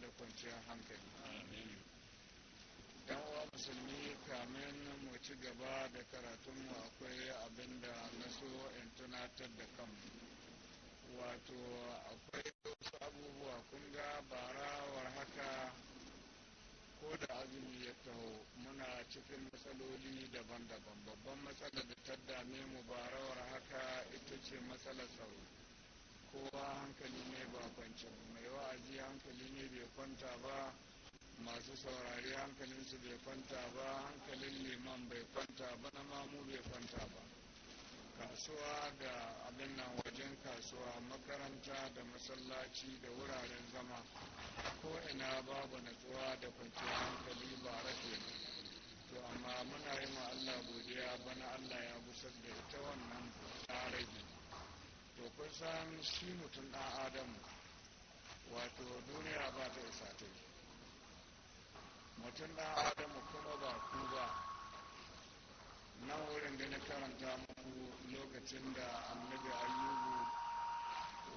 da kwanciyar hankali yan uwa musulmi kamin mu ci gaba da karatun mu akwai abin da na so in tunatar da kanmu wato akwai wasu abubuwa kun ga barawar haka ko da azumi ya taho muna cikin matsaloli daban-daban babban matsalar da ta dame mu barawar haka ita ce matsalar tsaro kowa hankali ne ba kwance mai wa'azi hankali ne bai kwanta ba masu saurari hankalin su bai kwanta ba hankalin liman bai kwanta ba na mamu bai kwanta ba kasuwa da abin nan wajen kasuwa makaranta da masallaci da wuraren zama ko ina babu natsuwa da kwanciyar hankali ba rafe to amma muna yi ma Allah godiya bana Allah ya gusar da ita wannan ta rage to san shi mutum ɗan adam wato duniya ba ta isa ta yi mutum ɗan adam kuma ba ku ba nan wurin da na karanta muku lokacin da annabi ayyubu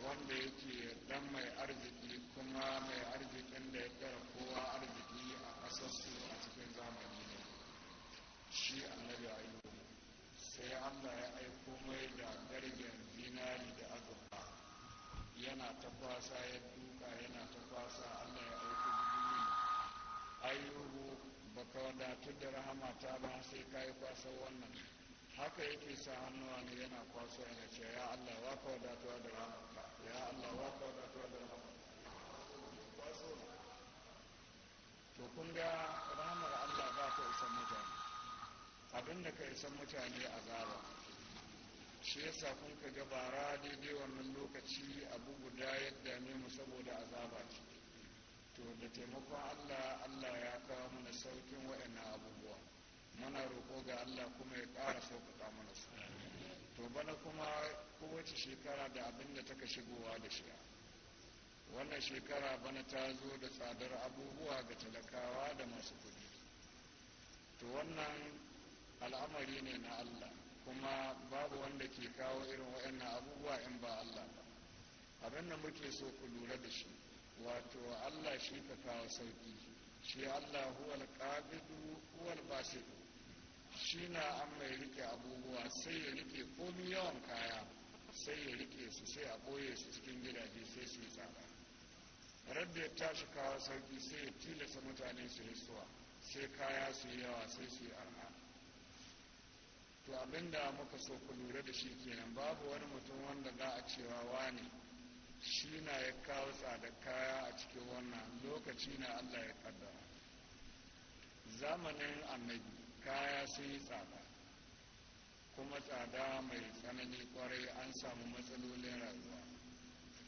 wanda yake dan mai arziki kuma mai arzikin da ya kara kowa arziki a ƙasarsu a cikin zamani ne shi annabi ayyubu sai allah ya aiko mai da gargen dinari da azurfa yana ta kwasa ya duka yana ta kwasa allah ya aiki bidini ayyuhu ka wadatu da rahama ta ba sai ka yi kwasa wannan haka yake sa hannuwa ne yana kwasa yana ce ya allah wa ka wadatu da ta ya allah wa ka wadatu da rahama ta to kun ga rahamar allah ba ta isa mutane Abinda ka isa mutane a zaba shi yasa kun ka gabara daidai wannan lokaci abu guda ya dame mu saboda azaba ce to da taimakon allah allah ya kawo mana saukin waɗannan abubuwa muna roƙo ga allah kuma ya ƙara sauƙaƙa mana su to bana kuma kowace shekara da abin da taka shigowa da shi wannan shekara bana ta zo da tsadar abubuwa ga talakawa da masu kuɗi to wannan al'amari ne na allah kuma babu wanda ke kawo irin waɗannan abubuwa in ba Allah ba abin da muke so ku lura da shi wato Allah shi ka kawo sauki shi Allah huwal qabidu huwal basit shi na an mai rike abubuwa sai ya rike komi yawan kaya sai ya rike su sai a ɓoye su cikin gidaje sai su yi tsada ya tashi kawo sauki sai ya tilasta mutane su yi suwa sai kaya su yi yawa sai su yi to abinda muka so ku lura da shi kenan babu wani mutum wanda za a cewa wani shi na ya kawo tsada kaya a cikin wannan lokaci na allah ya kaddara zamanin annabi kaya sun yi tsada kuma tsada mai tsanani kwarai an samu matsalolin rayuwa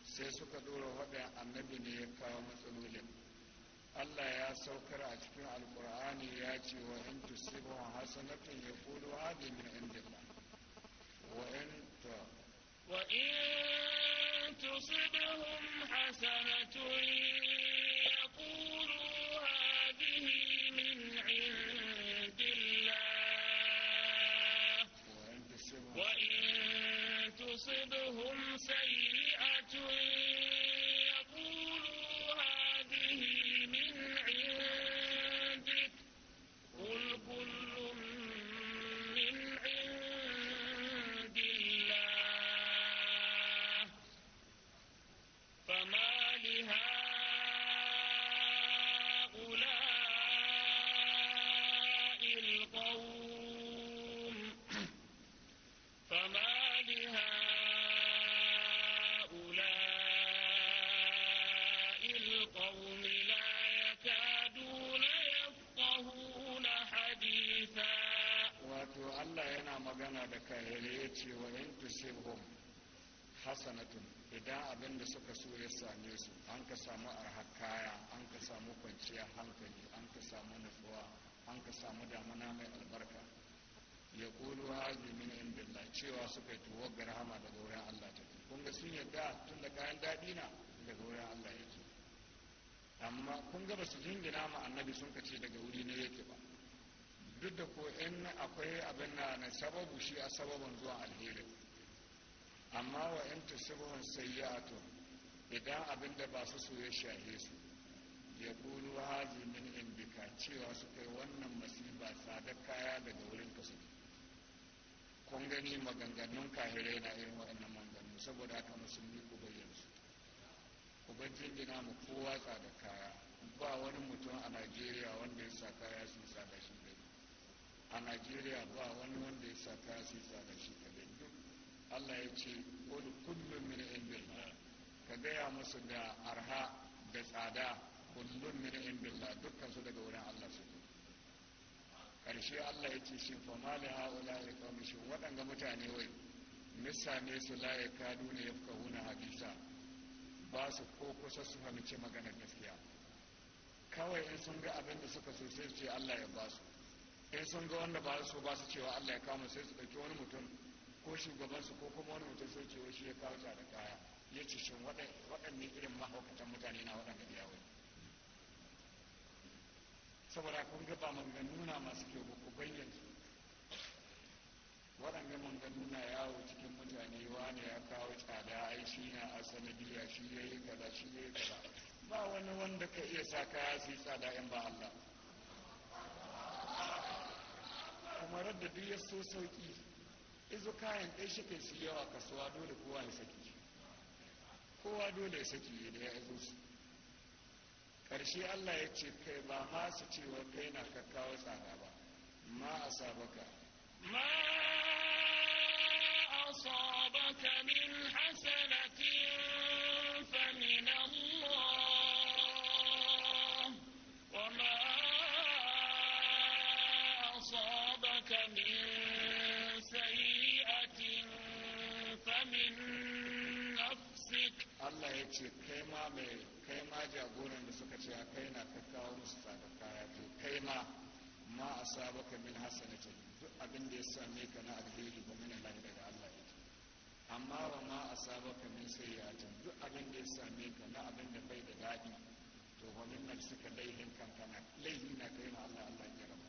sai suka dora waɗanda annabi ne ya kawo matsalolin Allah ya saukar a cikin alkur'ani ya ce wa in tusibu hasanatun yaqulu hadhihi min indillah wa in ta wa in tusibhum hasanatun yaqulu hadhihi min indillah wa in tusibhum sayyi'atun su ya same su an ka samu arhar kaya an ka samu kwanciyar hankali an ka samu nutsuwa an ka samu damuna mai albarka ya kulu hazi min indillah cewa suka yi tuwo garama daga wurin Allah ta ke kun ga sun yadda tun da kayan daɗi na daga wurin Allah yake amma kun ga ba su jingina ma annabi sun ka ce daga wuri ne yake ba duk da ko in akwai abin na na sababu shi a sababin zuwa alheri amma wa in tusibun sayyi'atun idan abin da ba su so ya shahe su ya kulu haji min indika cewa su kai wannan masifa tsadar kaya daga wurin ka suke kun gani maganganun kahirai na irin waɗannan maganganu saboda haka musulmi ku bayyana su ku bar jingina mu kowa tsada kaya ba wani mutum a najeriya wanda ya sa kaya su tsada shi kadai a najeriya ba wani wanda ya sa kaya su tsada shi kadai duk allah ya ce kullum min indillah ka gaya musu da arha da tsada kullum min indillah dukkan su daga wurin Allah su karshe Allah ya ce shi fa mali haula ya kawo shi waɗanga mutane wai nisa ne su la ya kadu ne yafkahuna hadisa ba su ko kusa su fahimci maganar gaskiya kawai in sun ga abin da suka so sai su ce Allah ya ba su in sun ga wanda ba su ba su cewa Allah ya kama sai su ɗauki wani mutum ko shugabansu ko kuma wani mutum sai ce shi ya kawo da kaya ya ce waɗanne irin mahaukatan mutane na waɗanda da yawo saboda kun ga ba manganuna masu kyau ba ku bayyana waɗanda manganuna yawo cikin mutane wani ya kawo tsada ai shi na a sanadiyya shi ya yi kaza shi ya yi kaza ba wani wanda ka iya sa kaya su yi tsada in ba Allah kuma radda duk ya so sauki izo kayan ɗai shi kai su yawa kasuwa dole kowa ya saki kowa dole saki da ya zo su ƙarshe Allah ya ce kai ba ma su cewa kai na kakkawa tsada ba ma a sabaka ma a sabaka min hasanatin fa wa ma a sabaka min ya ce kai ma mai kai ma jagoran da suka ce kai na kakkawo musu tsada kaya to kai ma ma a saba ka min hasanatin duk abin da ya same ka na alheri ba min Allah daga Allah yake amma wa ma a saba ka min sayyatin duk abin da ya same ka na abin da bai da daɗi to wa min suka laihin kankana laihi na kai ma Allah Allah ya raba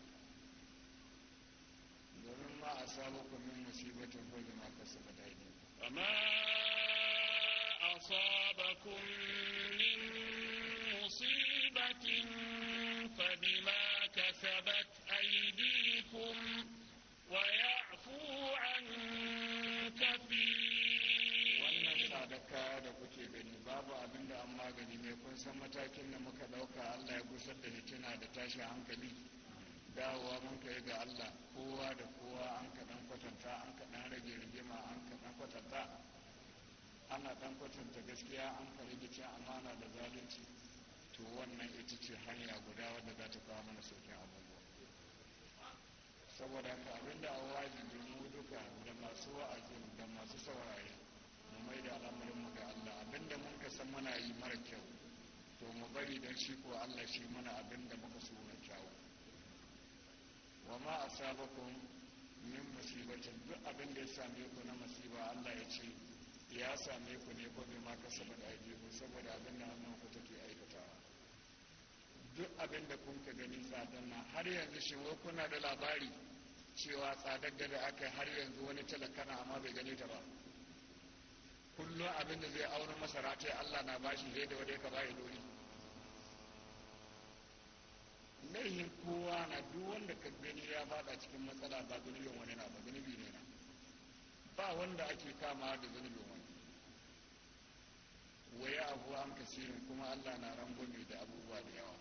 domin ma a saba ka min musibatin ko da ma kasaba daidai amma أصابكم من مصيبة فبما كسبت أيديكم ويعفو عن da kuke babu abin da an magani mai kun san matakin da muka ɗauka Allah ya gusar da fitina da tashin hankali dawowa mun kai ga Allah kowa da kowa an kaɗan kwatanta an kaɗan rage rigima an kaɗan kwatanta ana dan kwatanta gaskiya an fahimci amana da zalunci to wannan ita ce hanya guda wadda za ta kawo mana sauƙin abubuwa saboda haka abinda a da mu duka da masu wa'azi da masu saurayi mu mai da al'amarin mu ga Allah abinda mun ka san muna yi mara kyau to mu bari dan shi ko Allah shi mana abinda muka so na kyau. wa ma asabakum min musibatin duk abin da ya same ku na musiba Allah ya ce ya same ku ne ko bai maka kasaba da ku saboda abin da hannun ku take aikatawa duk abin da kun ka gani tsadar nan har yanzu shi wai kuna da labari cewa tsadar da aka har yanzu wani talakana amma bai gane ta ba kullum abin da zai auna masara ta Allah na bashi zai da wadai ka bayi dori laihin kowa na duk wanda ka gani ya fada cikin matsala ba zunubin wani na ba zunubi ne na ba wanda ake kama da zunubin wani ya abu an kasirin kuma allah na rango ne da abubuwa da yawa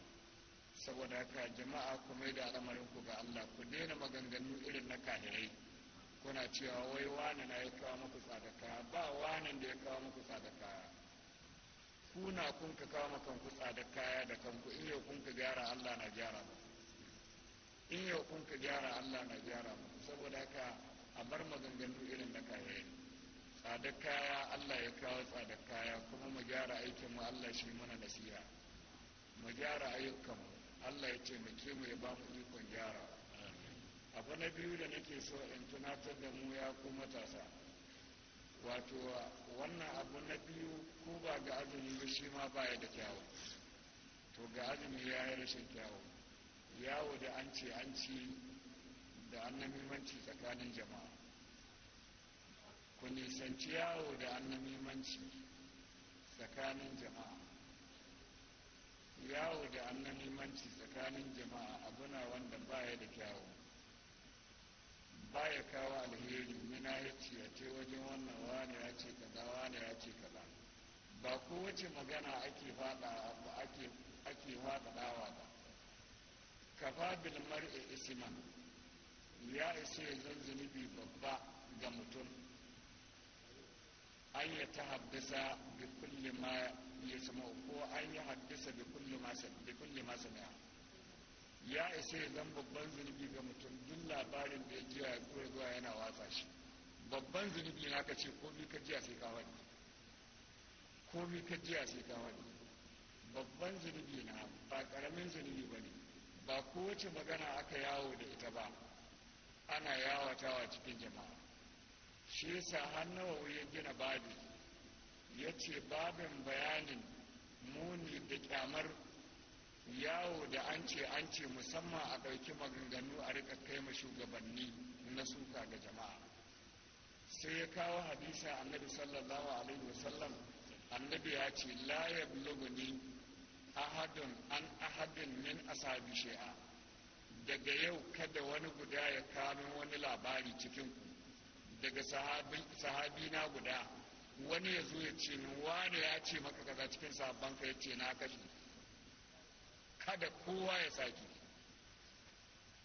saboda haka jama'a ku mai da al'amarin ku ga allah ku daina maganganu irin na kahirai kuna cewa wai wani na ya kawo muku sadaka ba wani da ya kawo muku sadaka kuna kun ka kawo ku sadaka kaya da kanku in yau kun ka gyara Allah na gyara mu in yau kun ka gyara Allah na gyara mu saboda haka a bar maganganu irin na kayayyaki tsada kaya Allah ya kawo tsada kaya kuma mu gyara aikin mu Allah shi mana nasiha mu gyara ayyukan mu Allah ya taimake mu ya ba mu ikon gyara abu na biyu da nake so in tunatar da mu ya ku matasa wato wannan abu na biyu ko ba ga azumi ba shi ma baya da kyawu to ga azumi ya yi rashin kyawu yawo da an ce an ci da an muhimmanci tsakanin jama'a ku nisanci yawo da annamimanci tsakanin jama'a yawo da annamimanci tsakanin jama'a abuna wanda baya da kyawu baya kawo alheri mina ya ce a ce wajen wannan wani ya ce kaza wani ya ce kaza ba kowace magana ake fada ba ake ake fada dawa ba kafa bil mar'i isman ya isa ya zan zunubi babba ga mutum an ya ta haddasa bi kulli ma ya sama ko an yi haddasa bi kulli ma bi kulli ma ya isa ya zan babban zunubi ga mutum duk labarin da ya ji ya kura zuwa yana watsa shi babban zunubi na ka ce bi ka jiya sai ka wani bi ka jiya sai ka wani babban zunubi na ba karamin zunubi ba ne ba kowace magana aka yawo da ita ba ana yawatawa cikin jama'a shi yasa hannawa ya gina babi ya ce babin bayanin muni da kyamar yawo da an ce an ce musamman a ɗauki maganganu a rika kai ma shugabanni na suka ga jama'a sai ya kawo hadisa annabi sallallahu alaihi wasallam annabi ya ce la yablughuni ahadun an ahadin min asabi shi'a daga yau kada wani guda ya kano wani labari cikinku. daga sahabi na guda wani ya zo ya ce min ya ce maka kaza cikin sabon ka ya ce na kashe kada kowa ya saki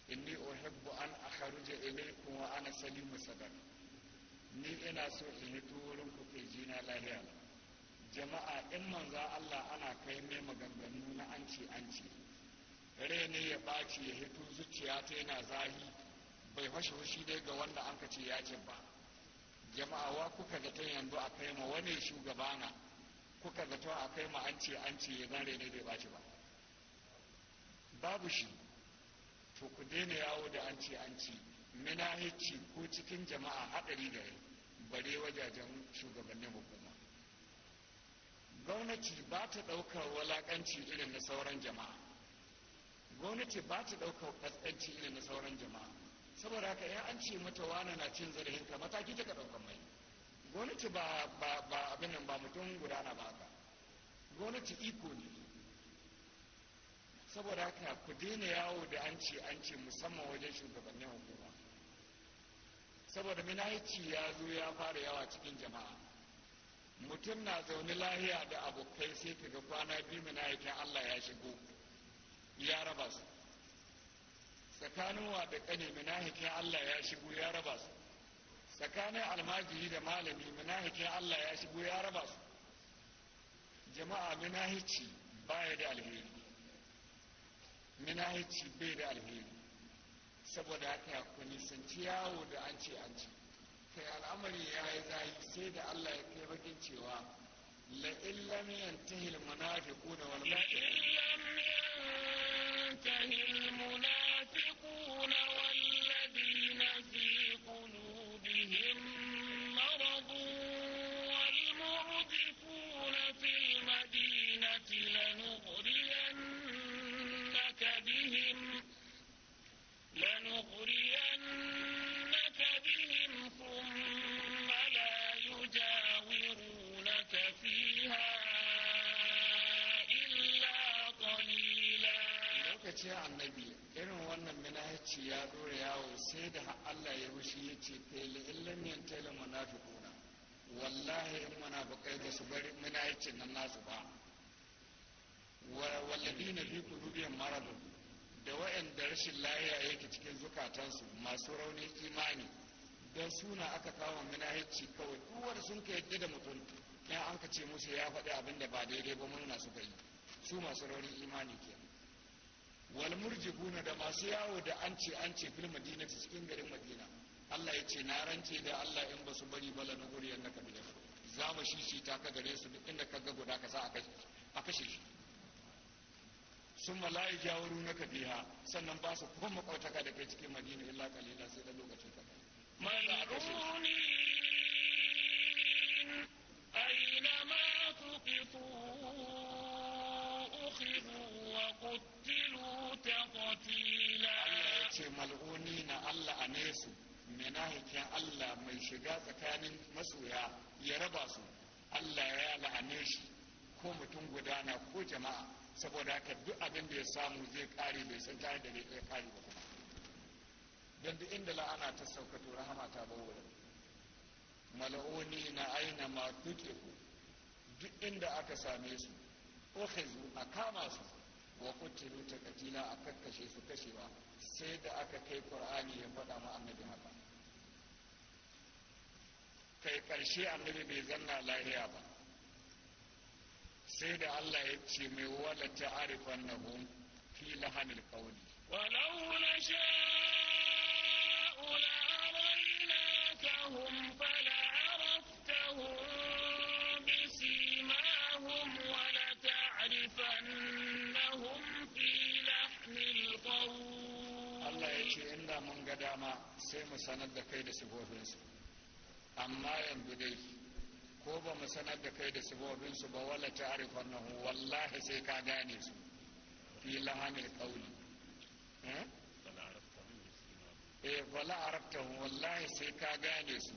inni uhibbu an akhruja ilaykum wa ana salimu sadar ni ina so in yi wurin ku kai jina lahiya jama'a in manza Allah ana kai mai maganganu na anci anci rene ya baci ya hito zuciya ta yana zahi bai fashe fushi dai ga wanda an ce ya ba jama'a wa kuka ga ta yanzu a kai ma wani shugabana kuka ga ta a kai ma an ce an ce ya zare ne bai baci ba babu shi to ku daina yawo da an ce an ce hicci ko cikin jama'a haɗari da yi bare wajajen shugabannin hukuma gwamnati ba ta ɗaukar walaƙanci irin na sauran jama'a gwamnati ba ta ɗaukar ƙasƙanci irin na sauran jama'a saboda haka ya an ce mata wani na cin zarafin ka mataki ta ɗaukan mai gwamnati ba ba ba abin nan ba mutum gudana ba haka gwamnati iko ne saboda haka ku daina yawo da an ce an ce musamman wajen shugabannin hukuma saboda minahici ya zo ya fara yawa cikin jama'a mutum na zaune lahiya da abokai sai ka ga kwana biyu minahikin allah ya shigo ya raba su tsakanin wa da kane Allah ya shigo ya raba su tsakanin almajiri da malami munafikin Allah ya shigo ya raba su jama'a munafici baya da alheri munafici bai da alheri saboda haka ku nisanci yawo da an ce an ce kai al'amari ya yi zahi sai da Allah ya kai bakin cewa la'in lam yantahi al-munafiquna wal munafiqun one hour. ce annabi irin wannan minahaci ya dora yawo sai da Allah ya mashi ya ce fele illam yantala munafiquna wallahi in munafiqai da su bari minahacin nan nasu ba walladina fi qulubihim maradun da wa'anda rashin lafiya yake cikin zukatansu masu rauni imani don suna aka kawo minahaci kawai duwar sun ka yadda da mutum ya an ka ce musu ya faɗi abin da ba daidai ba na suka yi su masu rauni imani kenan wal murjifuna da masu yawo da an ce an ce fil madina cikin garin madina Allah ya ce na rance da Allah in ba su bari bala na guriyar na kabilar za mu shishi ta ka gare su duk inda ka ga guda ka sa a kashe shi sun mala'i jawaru na kabiha sannan ba su kuma makwautaka da kai cikin madina illa kalila sai da lokacin ka أينما تقفوا wa وقتلوا ta qatila ce mal'uni na Allah a nesu menahikin Allah mai shiga tsakanin masoya ya raba su Allah ya la'ane shi ko mutum gudana ko jama'a saboda haka duk abin da ya samu zai kare bai san tare da bai iya kare ba kuma don duk inda la'ana ta saukato rahama ta bar da. Maloni na aina ma duk inda aka same su ko a kama su وقتلوا تقتيلا أككشي سكشوا سيد أككي قرآني يبدا ما أنبي مبا كي قرشي أنبي بيزنى لا يابا سيد الله يبشي ميوالا تعرف أنه في لحن القول ولو نشاء لأريناكهم فلا عرفتهم بسيماهم ولتعرفن Allah ya ce inda mun ga dama sai mu sanar da kai da sifofinsu amma yanzu dai ko ba mu sanar da kai da sifofinsu ba wala ta'rifan nahu wallahi sai ka gane su fi lahanil kauli eh? eh wala hu wallahi sai ka gane su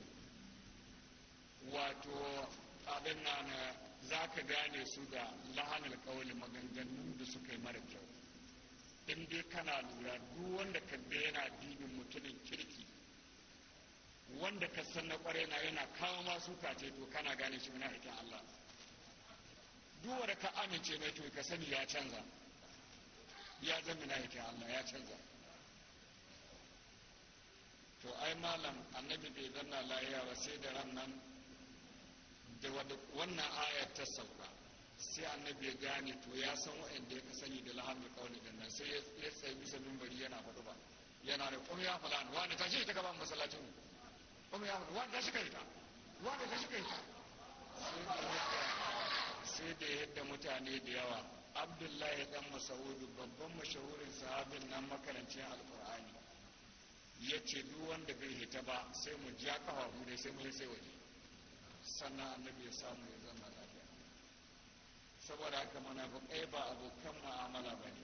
wato abin nan za ka gane su da lahanil qawli maganganun da suka yi mara kyau in dai kana lura duk wanda ka ga yana dibin mutumin kirki wanda ka san na kwarai na yana kawo masu kace to kana gane shi muna aikin Allah duk wanda ka amince mai to ka sani ya canza ya zama na aikin Allah ya canza to ai malam annabi bai zanna lahiya ba sai da ran nan da wannan ayar ta sauka sai annabi ya gane to ya san waɗanda ya sani da lahar da kawai da nan sai ya tsaye bisa mimbari yana faɗo ba yana da kuma ya fala wani tashi ita gaban masallacin mu kuma ya wani tashi kai ta wani tashi kai ta sai da yadda mutane da yawa abdullahi dan masaudu babban mashahurin sahabin nan makarancin alkur'ani ya ce duk wanda bai hita ba sai mu ja kafa mu dai sai mu sai waje sannan annabi ya samu ya saboda haka munafukai ba abokan mu'amala ba ne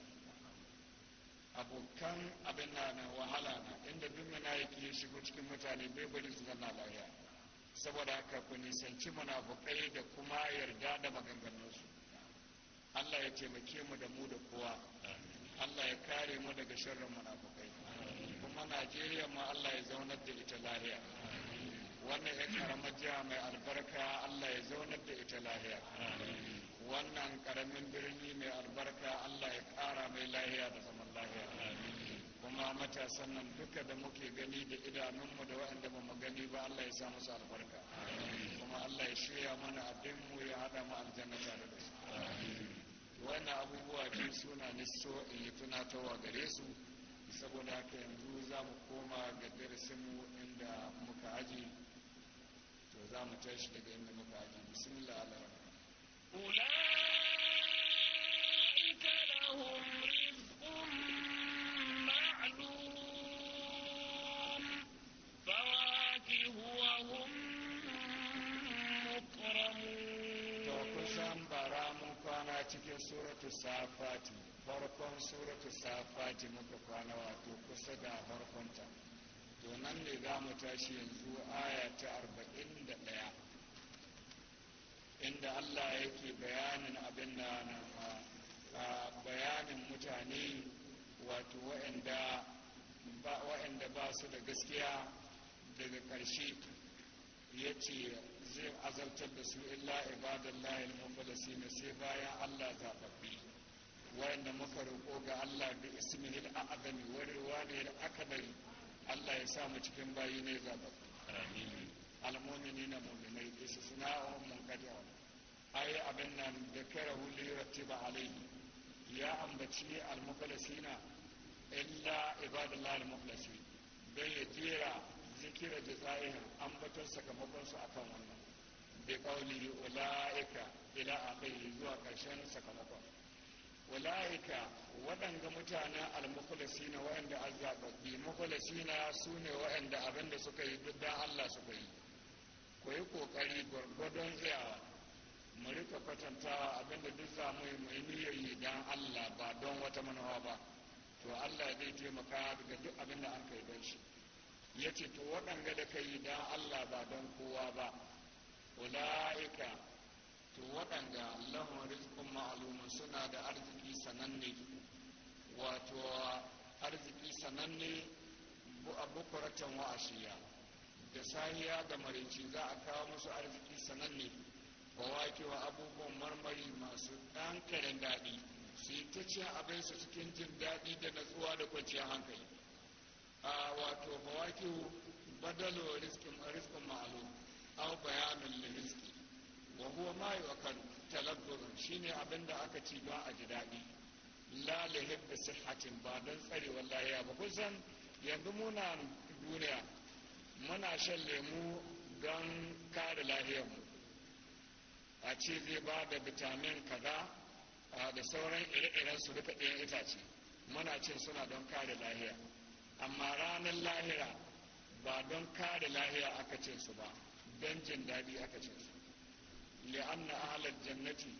abokan abin na na wahala na inda duk munafiki ya shigo cikin mutane bai bari su zanna lafiya saboda haka ku nisanci munafukai da kuma yarda da maganganunsu Allah ya taimake mu da mu da kowa Allah ya kare mu daga sharrin munafukai kuma Najeriya ma Allah ya zaunar da ita lafiya wannan ya karamar jiha mai albarka Allah ya zaunar da ita lafiya. wannan karamin birni mai albarka Allah ya kara mai lahiya da zaman lahiya kuma matasan nan duka da muke gani da idanunmu da waɗanda ba mu gani ba Allah ya sa musu albarka kuma Allah ya shirya mana abin mu ya hada mu aljanna tare da su wannan abubuwa biyu suna niso so in yi tunatarwa gare su saboda haka yanzu za mu koma ga darasinmu inda muka aji to za mu tashi daga inda muka aji bismillah أولئك لهم رزق معلوم فواكه وهم مكرمون تقسم برام كان cikin suratu safati farkon suratu safati muka kwana wato kusa da farkonta to nan ne za mu tashi yanzu aya ta arba'in inda Allah yake bayanin abin da na bayanin mutane wato wa'anda ba su da gaskiya daga ƙarshe ya ce zai azartar da su illa ibadallahi layin mufalasi na sai bayan Allah zaɓaɓɓe wa'anda muka roƙo ga Allah da ismihil a'azami da aka akabari Allah ya samu cikin bayi ne zaɓaɓɓe almu'minina mu'minai bi suna'un munqadi'un ai abin nan da karahu li rattiba alayhi ya ambaci almukhlasina illa ibadallahi almukhlasin dan ya jera zikira jazaiha ambaton sakamakon su akan wannan bi qawli ulaika ila akhiri zuwa karshen sakamakon ulaika waɗanga mutanen almukhlasina waɗanda azzababbi sune waɗanda abinda suka yi duk dan Allah suka yi ku yi ƙoƙari gwargwadon tsayawa mu rika kwatantawa abinda duk za mu yi mai yi don Allah ba don wata manawa ba to Allah zai taimaka daga duk abinda an kai don shi ya ce to waɗanga da ka yi don Allah ba don kowa ba ula'ika to waɗanga lahun rizikun ma'alumin suna da arziki sananne wato arziki sananne bukuratan wa'ashiya da sahiya da marici za a kawo musu arziki sananne ba wake wa abubuwan marmari masu ɗan karen daɗi su yi ta cin su cikin jin daɗi da natsuwa da kwanciyar hankali a wato ba wake badalo riskin riskin ma'alu au bayanin da riski wa huwa ma yi wa kan shi shine abin da aka ci ba a ji daɗi lalihin da sihatin ba don tsarewar lahiya ba kusan yanzu muna duniya muna shan lemu don kare lahiyarmu a ce zai ba da vitamin kaza da sauran ire-iren su duka ɗayan itace muna cin suna don kare lahiya amma ranar lahira ba don kare lahiya aka ce su ba don jin daɗi aka ce su li'anna ahalar jannati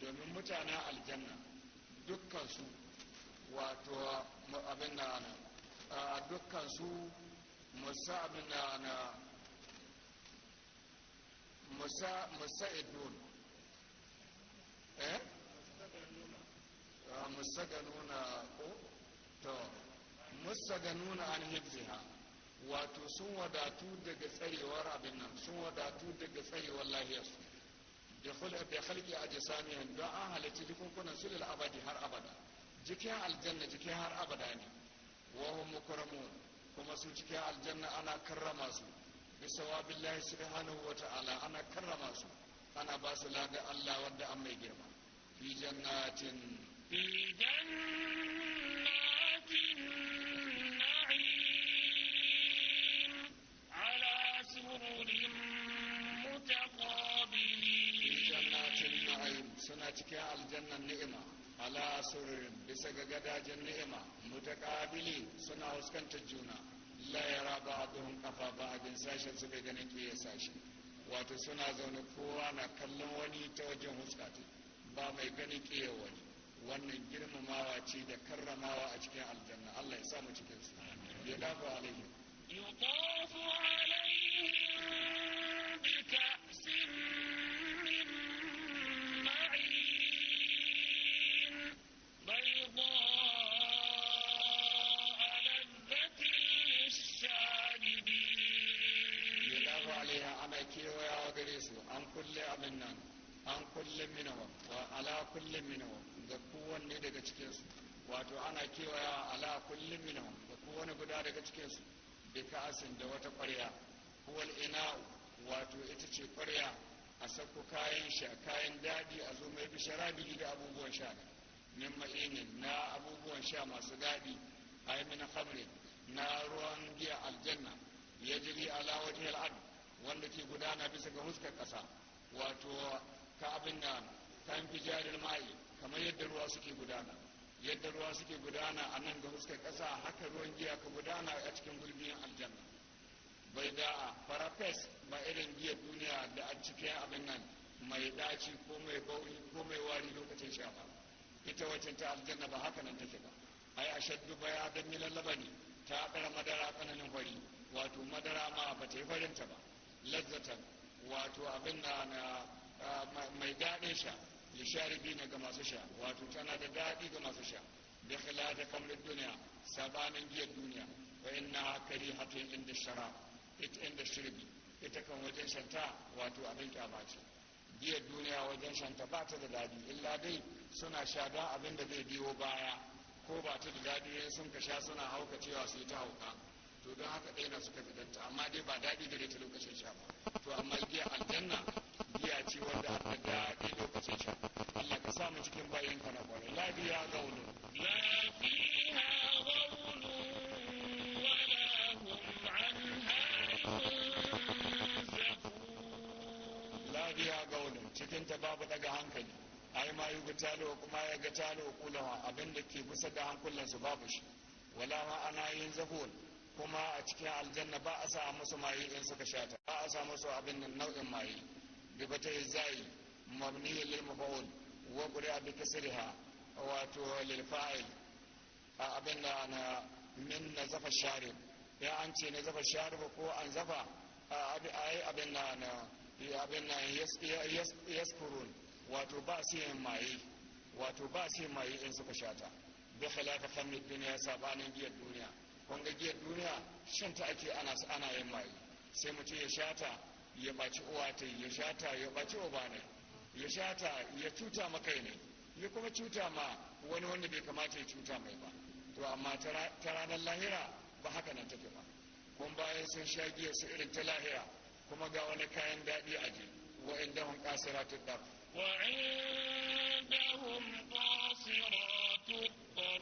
domin mutanen aljanna dukkan su wato abin da ana dukkan su. musa na musa'idun eh ah, musaganuna ko to musaganuna an hibziha wato sun wadatu daga tsayewar abin nan sun wadatu daga tsayewar lahiyarsu da halki a jisamiyan don an halarci jikunkunan su abadi har abada jikin aljanna jikin har abada ne wa hum mukramun kuma su cikin aljanna ana karrama su bi sawabillahi subhanahu wa ta'ala ana karrama su ana ba su ladan Allah wanda an mai girma fi jannatin fi jannatin ala sururin mutaqabilin fi jannatin na'im suna cikin aljannan ni'ima ala sururin bisa ga gadajen ni'ima mutakabili suna huskantar juna la yara kafa ba ba'din sashen su bai ganin ke sashi wato suna zaune kowa na kallon wani ta wajen huska ba mai ganin ke wani wannan girmamawa ce da karramawa a cikin aljanna Allah ya mu cikin su ya dafa Ya yuqafu alaihim ala kullum minahu ga kowanne daga cikinsu wato ana kewaya ala kullum minahu ga kowanne guda daga cikinsu bi ka'asin da wata ƙwarya kowal ina wato ita ce ƙwarya a sako kayan sha kayan daɗi a zo mai bisharabi da abubuwan sha min ma'inin na abubuwan sha masu daɗi ay min khamrin na ruwan giya aljanna ya jiri ala wajhi al'ad wanda ke gudana bisa ga huskar ƙasa wato ka abin nan kan fijarin mai kamar yadda ruwa suke gudana yadda ruwa suke gudana a nan ga fuskar ƙasa haka ruwan giya ka gudana a cikin gurbin aljanna bai da farafes ba irin giya duniya da a cikin abin nan mai daci ko mai bauri ko mai wari lokacin shafa ita wacce ta aljanna ba haka nan take ba ai ashaddu baya da milan labani ta ɗara madara kananin fari wato madara ma ba ta yi farinta ba lazzatan wato abin na mai daɗin sha lisharibina ga masu sha wato tana da daɗi ga masu sha da khilata kamar duniya sabanin giyar duniya wa inna karihatun inda shara ita inda ita kan wajen shanta wato abin kyama ce giyar duniya wajen shanta ba ta da daɗi illa dai suna sha don abin da zai biyo baya ko ba ta da daɗi ne sun ka sha suna hauka cewa su yi ta hauka to don haka ɗaya na suka fitanta amma dai ba daɗi gare ta lokacin sha ba to amma giya aljanna lafiya ce wanda aka daɗe lokacin sha Allah ka samu cikin bayan ka na kwarai lafiya ga wani lafiya ga wani wala hum anha lafiya ga wani cikin ta babu daga hankali ai ma yi gutalo kuma ya ga talo kulawa abinda ke kusa da hankulansu babu shi wala ma ana yin zafon kuma a cikin aljanna ba a sa musu maye in suka shata ba a sa musu abin nan nau'in maye بفتح الزاي مبني للمفعول وقرئ بكسرها wato lilfa'il a abin da na min na zafa sharif ya an ce na zafa sharif ko an zafa a yi abin na na yaskurun wato ba su yin maye wato ba su yin maye in suka shata bi khilafa khamri duniya sabanin giyar duniya kun ga giyar duniya shan ta ake ana ana yin maye sai mutum ya shata ya baci uwa ta ya shata ya baci uba ne ya shata ya cuta ma kai ne ya kuma cuta ma wani wanda bai kamata ya cuta mai ba to amma ta ranar lahira ba haka nan take ba kun bayan sun sha giya su irin ta lahira kuma ga wani kayan daɗi a ji wa'indahum qasiratu dar wa'indahum qasiratu dar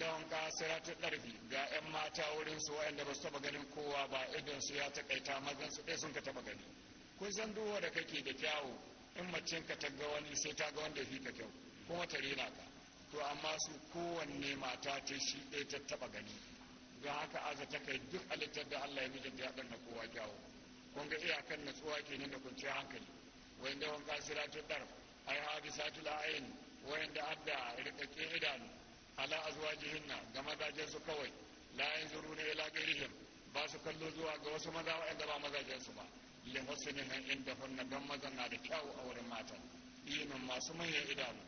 da wanka sai ɗarfi ga 'yan mata wurin su wayanda ba su taɓa ganin kowa ba idan su ya taƙaita mazan su ɗaya sun ka taɓa gani kun san duwa da kake da kyawu in macen ka ta ga wani sai ta ga wanda fi ka kyau kuma ta rena ka to amma su kowanne mata ta shi ɗaya ta taɓa gani don haka aza ta kai duk halittar da Allah ya da ya ɗanna kowa kyawu kun ga iyakan natsuwa kenan da kwanciyar hankali wanda wanka siratul ɗarf ai hadisatul ayin da adda rikakken idanu ala azwajihinna ga su kawai la yanzuruna ila ghairihim ba su kallo zuwa ga wasu maza inda ba su ba li husnihin hunna dan mazan na da kyau a wurin mata imin masu manyan idanu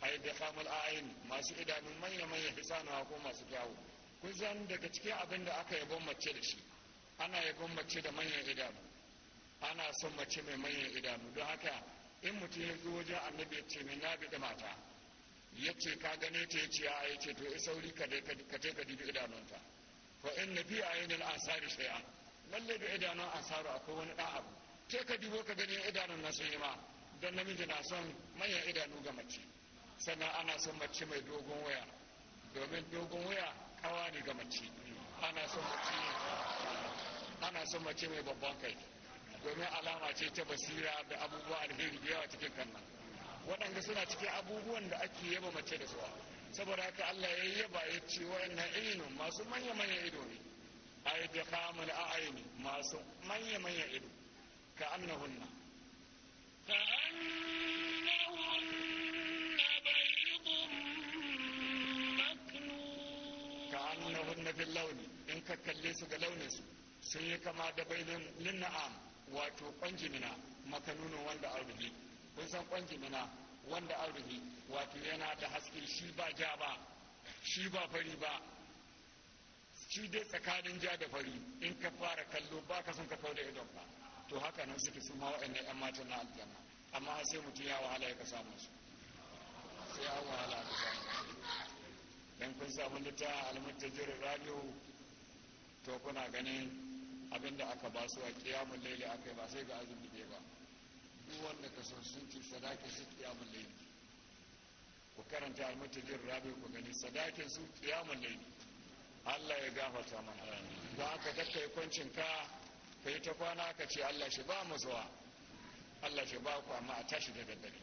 ay bi khamul a'in masu idanun manya manya hisana ko masu kyau kun san daga cikin abin da aka yabon mace da shi ana yabon mace da manyan idanu ana son mace mai manyan idanu don haka in mutum ya zo wajen annabi ya ce mai na bi da mata ya ce ka gane ta ya ce a ya ce to ya sauri ka je ka dubi idanunta fa in na biya ainihin asari shay'an lalle da idanun asaru akwai wani ɗan abu ke ka dubo ka gani idanun na sun yi ma don namiji na son manyan idanu ga mace sannan ana son mace mai dogon waya domin dogon waya kawa ne ga mace ana son mace ana son mace mai babban kai domin alama ce ta basira da abubuwa alheri da yawa cikin kannan waɗanda suna cikin abubuwan da ake yaba mace da suwa saboda haka Allah ya yaba ya ce waɗannan irinun masu manya-manya ido ne ai da kamun a'aini masu manya-manya ido ka annahunna ka annahunna baydun maknun ka annahunna fil launi in ka kalle su ga launin su sun yi kama da bainun linna'am wato kwanjimina makanunin wanda arziki kun san kwankimina wanda an rufe wato yana da haske shi ba ja ba shi ba fari ba shi dai tsakanin ja da fari in ka fara kallo ba ka san ka kawo da idon ba to haka nan suke su ma waɗannan 'yan matan na aljanna amma sai mutum ya wahala ya ka samu su sai ya wahala ka samu dan kun samu littafin jirin radio to kuna ganin abinda aka ba su a kiyamun laili aka yi ba sai ga azumi wanda ka so sun ci sadakin su kiyamun laili ku karanta a mutajin rabi ku gani sadakin su kiyamun laili Allah ya gafarta mana ba haka dakkai kwancin ka ka yi ta kwana ka ce Allah shi ba mu zuwa Allah shi ba ku amma a tashi daga dare.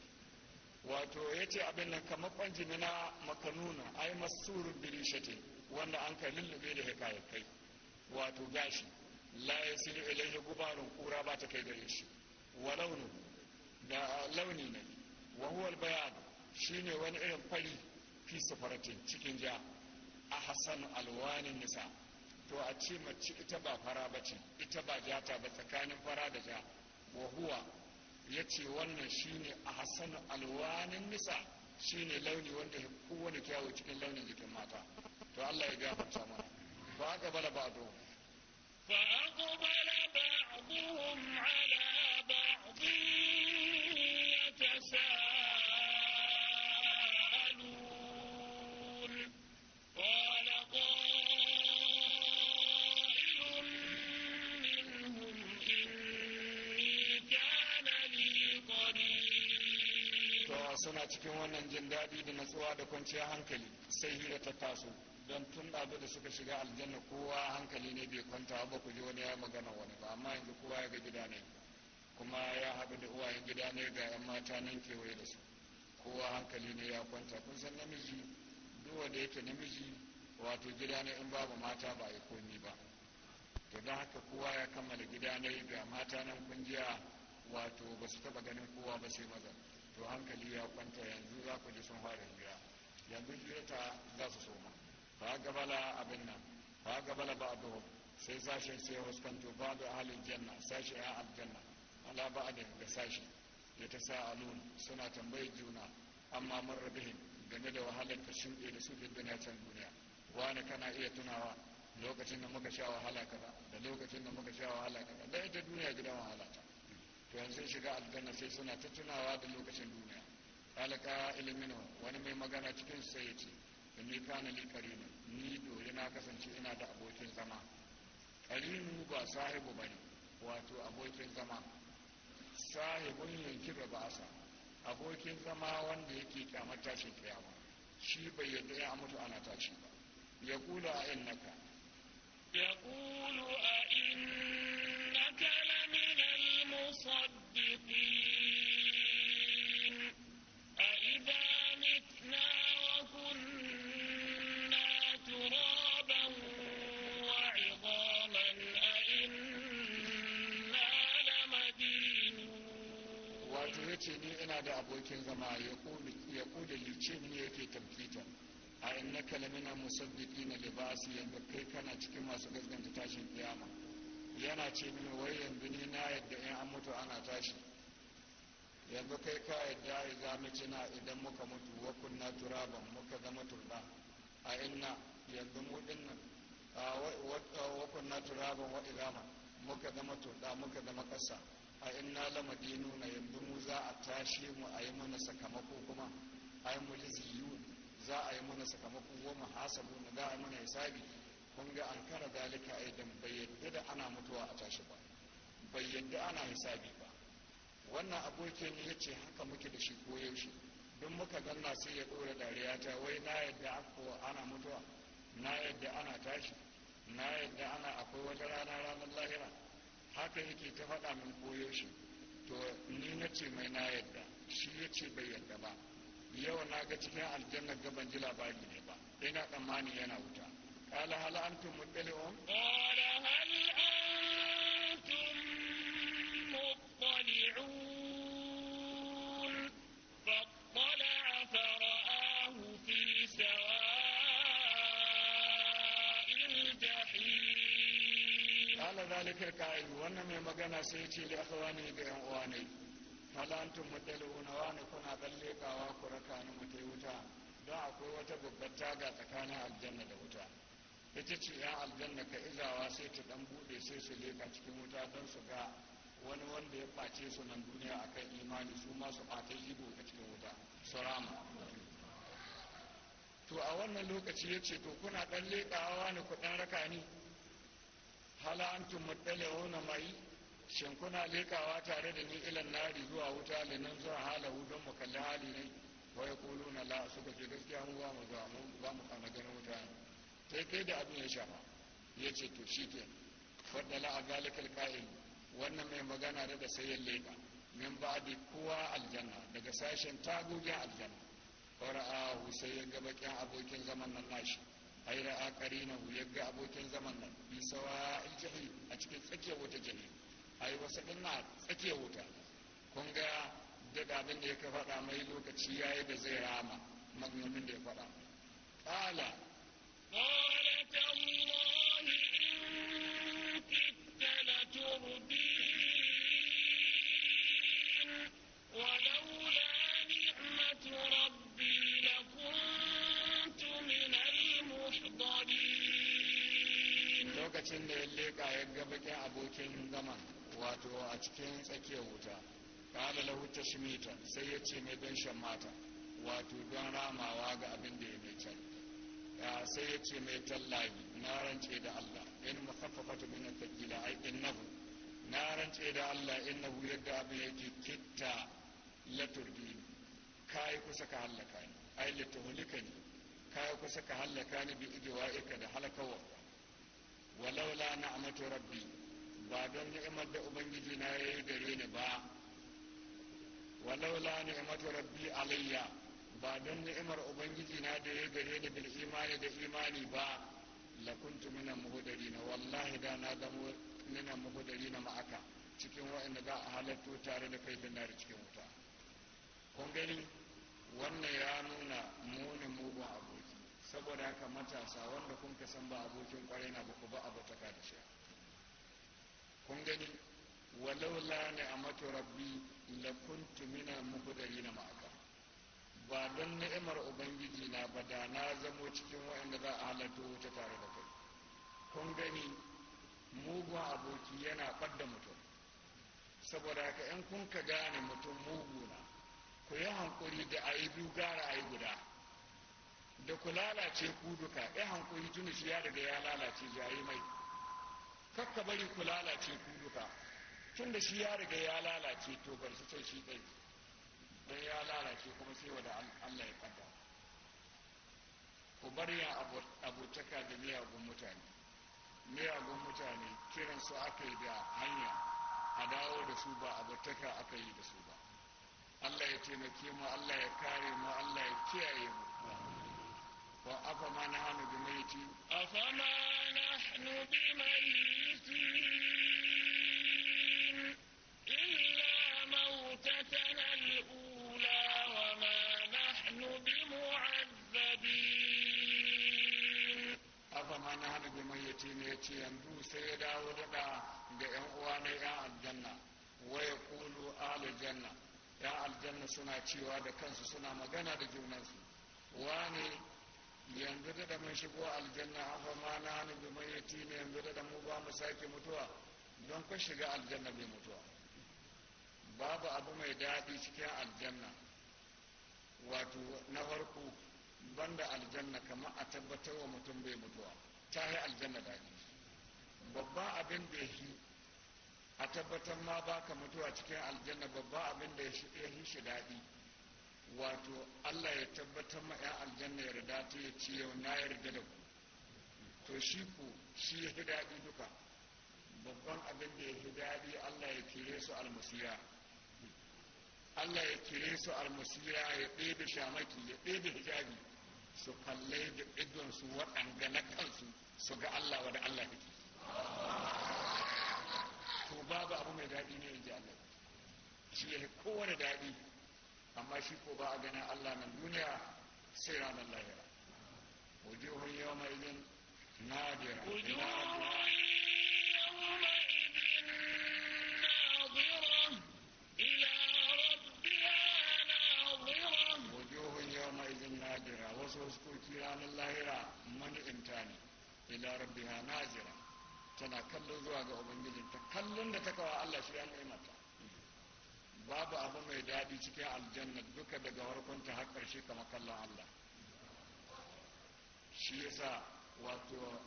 wato ya ce abin nan kamar kwanjini na makanuna ai masuru birishati wanda an ka lullube da kai. wato gashi la ya sili ilaihi gubarun kura ba ta kai gare shi wa da launi ne wa huwa shi shine wani irin fari fi sufaratin cikin ja a hasan alwanin nisa to a ce mace ita ba fara ba ce ita ba ja ba tsakanin fara da ja wa huwa ya ce wannan shine a hasan alwanin nisa shine launi wanda ya kowane kyawu cikin launin jikin mata to Allah ya gafarta mana ba ga bala ba do فأقبل بعضهم على بعض suna cikin wannan jin daɗi da natsuwa da kwanciyar hankali sai hira ta taso don tun abu da suka shiga aljanna kowa hankali ne bai kwanta ba ku ji wani ya magana wani ba amma yanzu kowa ya ga gida ne kuma ya haɗu da uwayen gida ne ga yan mata nan kewaye da su kowa hankali ne ya kwanta kun san namiji duwa da yake namiji wato gida ne in babu mata ba ya komi ba to don haka kowa ya kammala gida ne ga mata nan kungiya wato ba su taɓa ganin kowa ba sai maza to hankali ya kwanta yanzu za ku ji sun fara hira yanzu ta za su soma fa gabala abin nan fa gabala ba sai sashen sai wasu kanto ba da halin janna sashen ya aljanna ala ba'adin ga sashi ya ta sa'alun suna tambayar juna amma marar bihin game da wahalar ta shimɗe da su fiddina can duniya wani kana iya tunawa lokacin da muka sha wahala kaza da lokacin da muka sha wahala kaza da ita duniya gida wahala ta to yanzu shiga aljanna sai suna ta tunawa da lokacin duniya alaka ilimino wani mai magana cikin sai ya ce inni kana li karinu ni dole na kasance ina da abokin zama karinu ba sahibu bane wato abokin zama sahibun yunkir ba'asa abokin zama wanda yake kyamar tashin kiyama shi bai yadda ya mutu ana tashi ba ya kula a innaka ya kula a innaka laminal musaddiqin ce ni ina da abokin zama ya kuda lice ni yake tamfita a na kalamina da na libasi yadda kai kana cikin masu gaskanta tashin kiyama yana ce mini wai yanzu ni na yadda in an mutu ana tashi yanzu kai ka yadda ya zama cina idan muka mutu wa kunna turaban muka zama turba a inna yanzu mu dinnan wa kunna turaban wa idama muka zama turba muka zama kasa a inna lamadi nuna yanzu mu za a tashe mu a yi mana sakamako kuma ai za a yi mana sakamako goma muhasabu na za a yi mana hisabi kun ga an kara dalika idan bai yadda da ana mutuwa a tashi ba bai yadda ana hisabi ba wannan abokin ya ce haka muke da shi ko yaushe don muka ganna sai ya ɗora dariya ta wai na yadda ako ana mutuwa na yadda ana tashi na yadda ana akwai wata rana ranar lahira haka yake ta faɗa min koyaushe to ni na ce mai na yadda shi ya ce bai yadda ba yau na ga cikin aljanna gaban ji labari ne ba ina tsammani yana wuta قال هل أنتم مطلعون؟ قال هل أنتم مطلعون qala zalika qa'il wannan mai magana sai ya ce li akhawani ga yan uwa ne fala antum na wa ne kuna ballekawa ku raka ni mu tai wuta don akwai wata babbar taga tsakanin aljanna da wuta ita ce ya aljanna ka izawa sai ta dan bude sai su leka cikin wuta don su ga wani wanda ya ɓace su nan duniya akan imani su ma su ɓata ido a cikin wuta su rama to a wannan lokaci ya ce to kuna ɗan leƙawa ne ku ɗan raka ni hala antum na mai shin kuna lekawa tare da ni ilan nari zuwa wuta da nan zuwa halahu don mu kalli hali ne wa na la suka ce gaskiya mu ba mu zuwa mu ba mu kana ganin wuta sai kai da abin ya shafa ya ce to shi ke faɗala a galikal qa'il wannan mai magana da da sai leka min bi kowa aljanna daga sashen tagogin aljanna fara'ahu sai ya ga abokin zaman nan nashi aira a na yaga abokin zaman nan bi sawa'il jahil a cikin tsakiya wuta jini ai wasu din na tsakiyar wuta kun ga duk abin da ya faɗa mai lokaci yayi da zai rama magnamin da ya faɗa qala qala lokacin da ya leƙa ya ga baƙin abokin zaman wato a cikin tsakiyar wuta ƙala lahu shimita sai ya ce mai don shan mata wato don ramawa ga abin da ya mai can sai ya ce mai tallahi na rance da Allah in musaffafatu min thaqila ai nahu na rance da Allah in nahu yadda abin ke kitta la ka yi kusa ka halaka ni ai la tuhlika ka yi kusa ka halaka ni bi ika da halakawa walaula na'matu rabbi ba don ni'imar da ubangiji na ya yi gare ni ba walaula ni'matu rabbi alayya ba don ni'imar ubangiji na da yayi gare ni bil imani da imani ba la kuntu min al na wallahi da na zamo min al na ma'aka cikin da za a halatto tare da kai binar cikin wuta kun gani wannan ya nuna munin mugun abu saboda haka matasa wanda kun ka san ba abokin kwarai na buku ba taka da shi kun gani walau la ne a mato rabbi la kuntu mina muhudari na ma'aka ba don ni'imar ubangiji na ba da na zamo cikin waɗanda za a halatta wuce tare da kai kun gani mugun aboki yana ɓadda mutum saboda haka in kun ka gane mutum muguna ku yi hankuri da a yi biyu gara a yi guda da ku lalace ku duka eh, ya hankuri tuni shi ya daga ya lalace jaye mai kakka bari ku lalace ku duka tun da shi ya riga ya lalace to bar su sai shi ɗai don ya lalace kuma sai da Allah ya kanta ku bar ya abotaka da miyagun mutane miyagun mutane kiran su aka yi da hanya a dawo da su ba abotaka aka yi da su ba Allah ya taimake mu Allah ya kare mu Allah ya kiyaye mu وأفما نحن بميتين أفما نحن بميتين إلا موتتنا الأولى وما نحن بمعذبين أفما نحن بميتين يتي يندو سيدا ودقا بأن أوانا يا الجنة ويقول آل الجنة يا الجنة سنة تشيوا دكانس سنة مغانا دجونانس واني yanzu da mun shigo aljanna hafa ma na hannu bi mayyati ne yanzu da mu ba mu sake mutuwa don ku shiga aljanna bai mutuwa babu abu mai daɗi cikin aljanna wato na farko banda aljanna kamar a tabbatar wa mutum bai mutuwa ta yi aljanna daɗi babban abin da yi a tabbatar ma baka mutuwa cikin aljanna babban abin da ya shi daɗi wato Allah ya tabbatar ma ya aljanna yarda ta ya ce yau na yarda da ku to shi ku shi ya fi daɗi duka babban abin da ya fi daɗi Allah ya kire su almasira Allah ya kire su almasira ya ɗebe shamaki ya ɗebe hijabi su kalle da idon su waɗanda na kansu su ga Allah wa da Allah ke. to babu abu mai daɗi ne ya ji Allah shi ya kowane daɗi amma shi ko ba a ganin Allah na duniya sai ranar lahira wujuhun yau mai idin nadira wujuhun yau mai idin nadira wasu huskoki ranar lahira manu'inta ne ila rabbiha nazira tana kallon zuwa ga ubangijinta kallon da ta kawo Allah shi ya mata babu abu mai daɗi cikin aljanna duka daga warkunta har ƙarshe kama kallon Allah shi yasa wato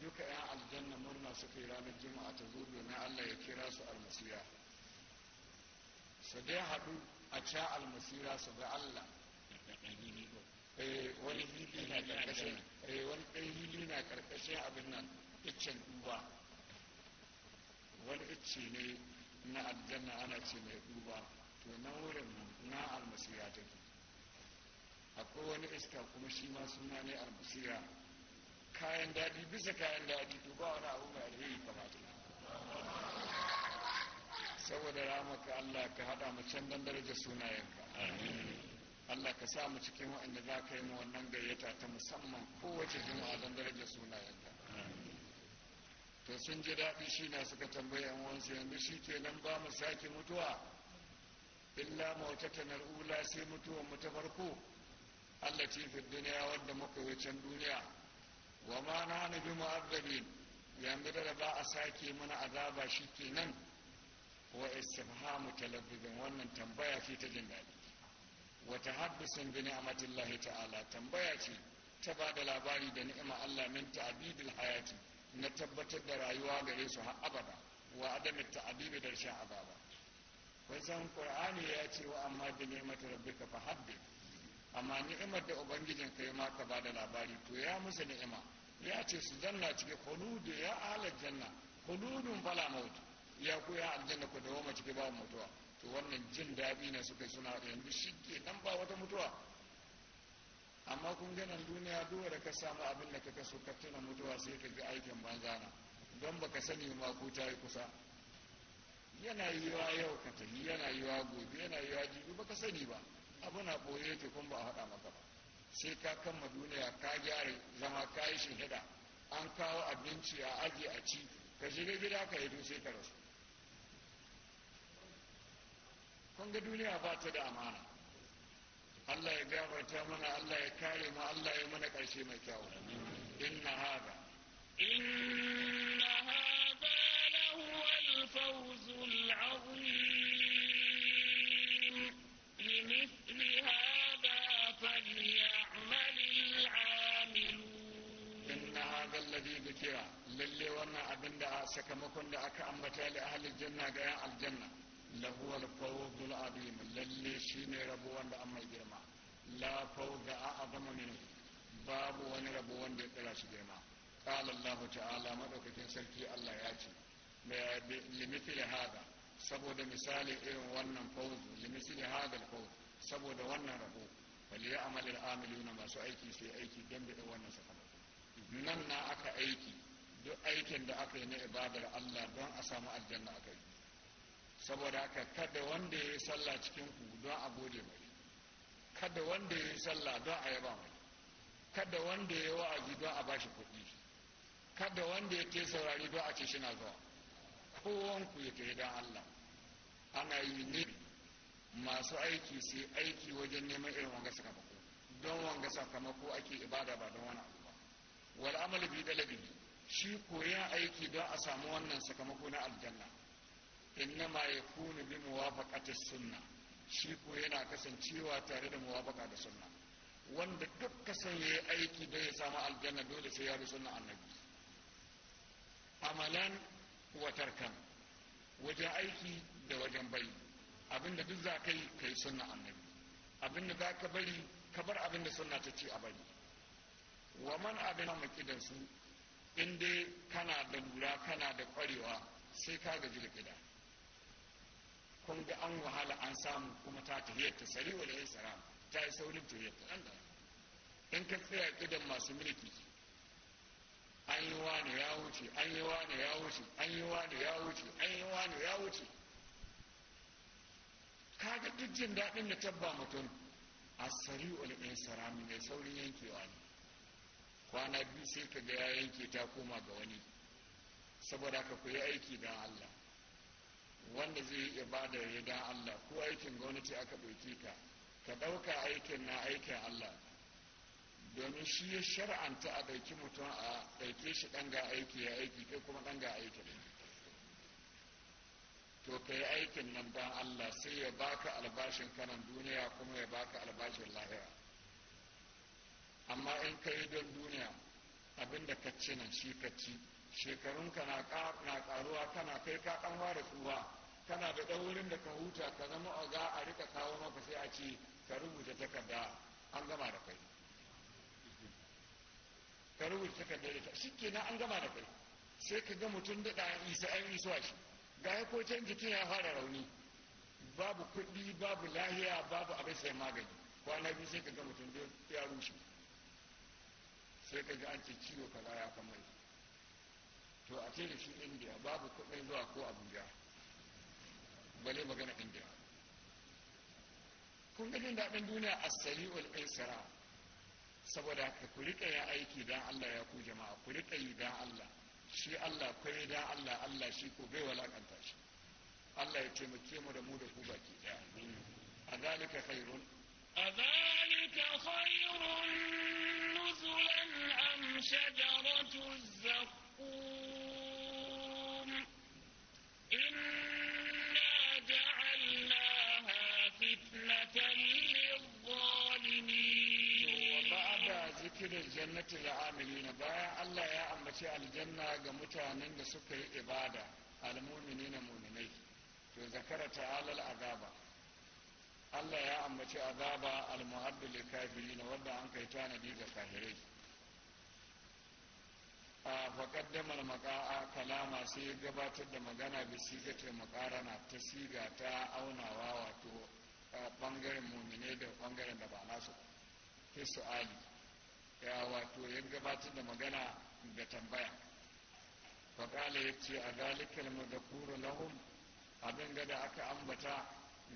duka 'yan aljanna murna suka yi ranar juma'a ta zo domin Allah ya kira su almasira su dai haɗu a ca almasira su ga Allah eh, wani hili na ƙarƙashin eh, ɗan hili na ƙarƙashin abin nan iccen duba wani icce ne na aljanna ana ce mai duba to na wurin na almasiya take akwai wani iska kuma shi ma suna ne almasiya kayan daɗi bisa kayan daɗi to ba wani abu mai alheri kamata saboda ramaka Allah ka haɗa mu can dan daraja sunayenka Allah ka sa mu cikin waɗanda za ka yi mu wannan gayyata ta musamman kowace juma'a dan daraja sunayenka to sun ji daɗi shi na suka tambaya yan wansu yanzu shi kenan ba mu sake mutuwa illa mautatan ula sai mutuwan mu ta farko allati fi duniya wanda muka wucen duniya wa ma nahnu bi mu'azzabin yanzu da ba a sake mana azaba shi kenan wa istifhamu talabbibin wannan tambaya ce ta jin daɗi wa tahaddusun bi ni'matillahi ta'ala tambaya ce ta ba da labari da ni'ima Allah min ta'bidil hayati na tabbatar da rayuwa gare su har abada wa adam ta'adibi da shan abada kun san qur'ani ya ce wa amma da ni'mat rabbika fa haddi, amma ni'mat da ubangijin kai ma ka bada labari to ya musu ni'ima ya ce su zanna cike khuludu ya ala janna khuludun bala maut ya ku ya aljanna ku dawo ma cike ba mutuwa to wannan jin daɗi ne suka suna yanzu shi ke nan ba wata mutuwa amma kun ganin duniya duwa da ka samu abin da kaka so ka tuna mutuwa sai ka ga aikin banza na don baka sani ma ko ta yi kusa yana yiwa yau ka tafi yana yiwa gobe yana yiwa jibi baka sani ba abu na ɓoye ke kun ba a haɗa maka ba sai ka kama duniya ka gyara zama ka yi shahida an kawo abinci a aji a ci ka shiga gida ka yi sai ka rasu kun ga duniya ba ta da amana Allah ya gafarta mana Allah ya kare mu Allah ya mana ƙarshe mai kyau inna hada inna hada lahu al-fawz al-azim لمثل هذا فليعمل العاملون إن هذا الذي ذكر للي وانا أبن سكمكن لأك أمتا لأهل الجنة جاء الجنة lahuwar fawzul azim lalle shine rabo wanda an mai girma la fawza a azama babu wani rabo wanda ya tsira shi girma qala allah ta'ala madaukakin sarki allah ya ce limithli hada saboda misali irin wannan fawzu limithli hada al saboda wannan rabo bali ya amalin amiluna masu aiki sai aiki don da wannan sakamako nan na aka aiki duk aikin da aka yi na ibadar Allah don a samu aljanna aka yi saboda haka kada wanda ya yi sallah cikin ku don a gode mai kada wanda ya yi sallah don a yaba mai kada wanda ya yi wa'azi don a bashi kuɗi kada wanda ya ke saurari don a ce shi na zuwa kowanku ya kai don Allah ana yi ne masu aiki sai aiki wajen neman irin wanga sakamako don wanga sakamako ake ibada ba don wani abu ba wal amal bi dalabi shi koyan aiki don a samu wannan sakamako na aljanna innama yakunu bi muwafaqati sunna shi ko yana kasancewa tare da muwafaqa da sunna wanda duk kasan yayi aiki da ya samu aljanna dole sai ya bi annabi amalan wa tarkan wajen aiki da wajen bai abinda duk za ka yi kai sunna annabi abinda za ka bari ka bar abinda sunna ta ce a bari wa man abin makidan su in dai kana da lura kana da kwarewa sai ka gaji da gida kun ga an wahala an samu kuma ta tahiyar ta sari wa lahin saram ta yi saurin tahiyar ta nan in ka tsaya idan masu mulki an yi wani ya wuce an yi wani ya wuce an yi wani ya wuce an yi wani ya wuce ka ga duk jin daɗin da tabba mutum a sari wa lahin saram mai saurin yankewa ne kwana biyu sai ka ga ya yanke ta koma ga wani saboda ka koyi aiki da Allah wanda zai yi ibada ya da Allah ko aikin gwamnati aka ɗauki ka ka ɗauka aikin na aikin Allah domin shi ya shar'anta a ɗauki mutum a ɗauke shi ɗan ga aiki ya aiki kai kuma ɗan ga aikin to ka yi aikin nan don Allah sai ya baka albashin kanan duniya kuma ya baka albashin lahira amma in ka yi don duniya abinda ka ci nan shi ka ci shekarunka na karuwa kana kai ka ɗan ware tsuwa kana da ɗan wurin da ka huta ka zama a ga a rika kawo maka sai a ce ka rubuta takarda an gama da kai ka rubuta takarda da ta shi kenan an gama da kai sai ka ga mutum daɗa isa an isuwa shi ga ya ko can jikin ya fara rauni babu kuɗi babu lahiya babu abin sai magani kwana biyu sai ka ga mutum ya rushe sai ka ga an ce ciwo kaza ya kamar to a ce da shi indiya babu kuɗin zuwa ko abuja bale magana inda kun ga jin daɗin duniya a sayi ul'isra saboda haka ku riƙa ya aiki don Allah ya ku jama'a ku riƙa yi don Allah shi Allah kwai don Allah Allah shi ko bai walakanta shi Allah ya taimake mu da mu da ku baki ɗaya a zalika khairun أذلك خير نزلا أم شجرة الزقوم zikiril jannati lil amilina bayan Allah ya ambaci aljanna ga mutanen da suka yi ibada al na mu'minai to zakara ta al azaba Allah ya ambaci azaba al muhaddu lil kafirin wanda an kai tanadi ga kafirai a faƙaddama maƙa'a kalama sai gabatar da magana bi sigatar maƙarana ta siga ta aunawa wato bangaren muminai da bangaren da ba nasu fi su'ali ya wato ya gabatar da magana ga tambaya faƙala ya ce a zalikar mazakuru lahum abin gada aka ambata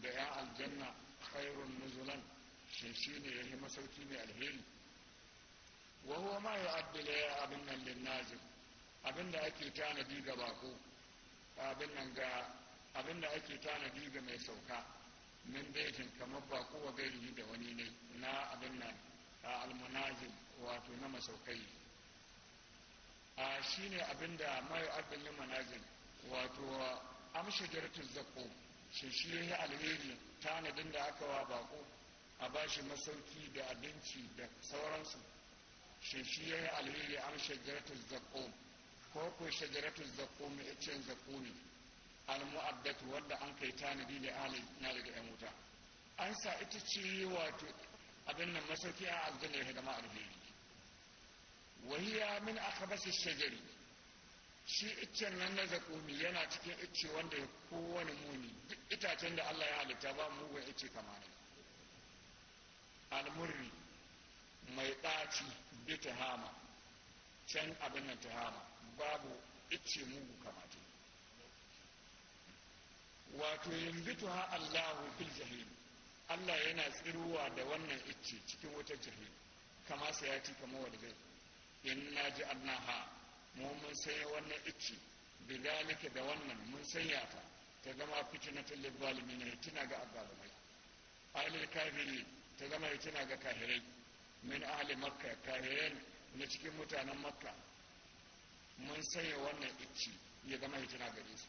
da ya aljanna khairun nuzulan shi shi ne ya yi masauki mai alheri wa huwa ma ya abdula ya abin nan linnazir abin da ake tanadi ga bako abin nan ga abin da ake tanadi ga mai sauka min daikin kamar bako wa gari da wani ne na abin nan a almunazil wato na masaukai a shine abinda mai abin na manajin wato amshi jartun zako shi shi ya yi alheri tanadin da aka wa bako a bashi masauki da abinci da sauransu shi shi ya alheri amshi jartun zako ko ko shajaratun zakumi iccen ne almu'addatu wanda an kai tanadi da alai na daga yan wuta an sa ita ce wato abin nan masauki a aljanna ya hidama alheri وهي من akabasi الشجر shi iccen nan na zakumi yana cikin icce wanda ya kowane muni duk itacen da Allah ya halitta ba ga icce kama ne almurri mai ɗaci bi tahama can abin nan tahama babu icce mugu kamata wato yambitu ha Allah fil jahim Allah yana tsiruwa da wannan icce cikin wata jahim kama sayati kama wadda zai inna ja'alnaha mu mun sanya wannan icci bidalika da wannan mun sanya ta ta zama fitnatul lilzalimin ne tuna ga azzalumai ahli kafiri ta zama tuna ga kafirai min ahli makka kafirai na cikin mutanen makka mun sanya wannan icci ya zama tana ga su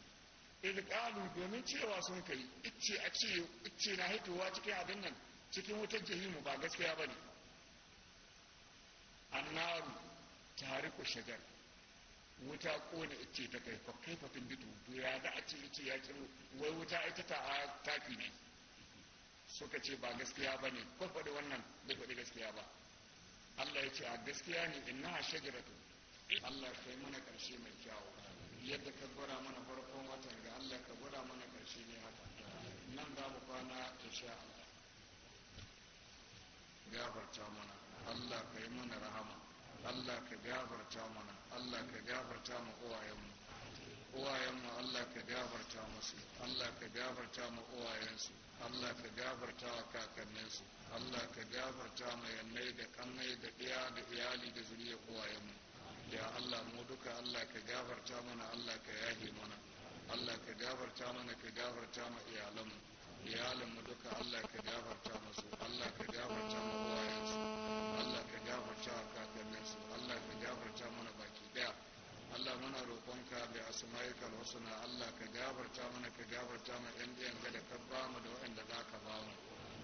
idqalu domin cewa sun kai icci a ce icci na hitowa cikin abin nan cikin wutar jahimu ba gaskiya bane annaru tare ku shagar wuta kone ce ta kai kai fa tun bitu ya za a ce ce ya kiro wai wuta ita ta taki ne suka ce ba gaskiya ba ne ko faɗi wannan bai faɗi gaskiya ba Allah ya ce a gaskiya ne inna shajaratu Allah ya kai mana ƙarshe mai kyawu yadda ka gwada mana farkon watan ga Allah ka gwada mana ƙarshe ne haka nan za mu kwana insha Allah gafarta mana Allah ka mana rahama Allah ka gafarta mana Allah ka gafarta mu uwayenmu uwayenmu Allah ka gafarta musu Allah ka gafarta ma uwayensu Allah ka gafarta wa kakanninsu Allah ka gafarta ma yannai da kannai da ɗiya da iyali da zuriyar uwayenmu ya Allah mu duka Allah ka gafarta mana Allah ka yahi mana Allah ka gafarta mana ka gafarta ma iyalanmu iyalanmu duka Allah ka gafarta musu Allah ka gafarta wasu husna Allah ka gabarta mana ka gabarta mana yan ɗayan ga da ka ba mu da waɗanda za ka ba mu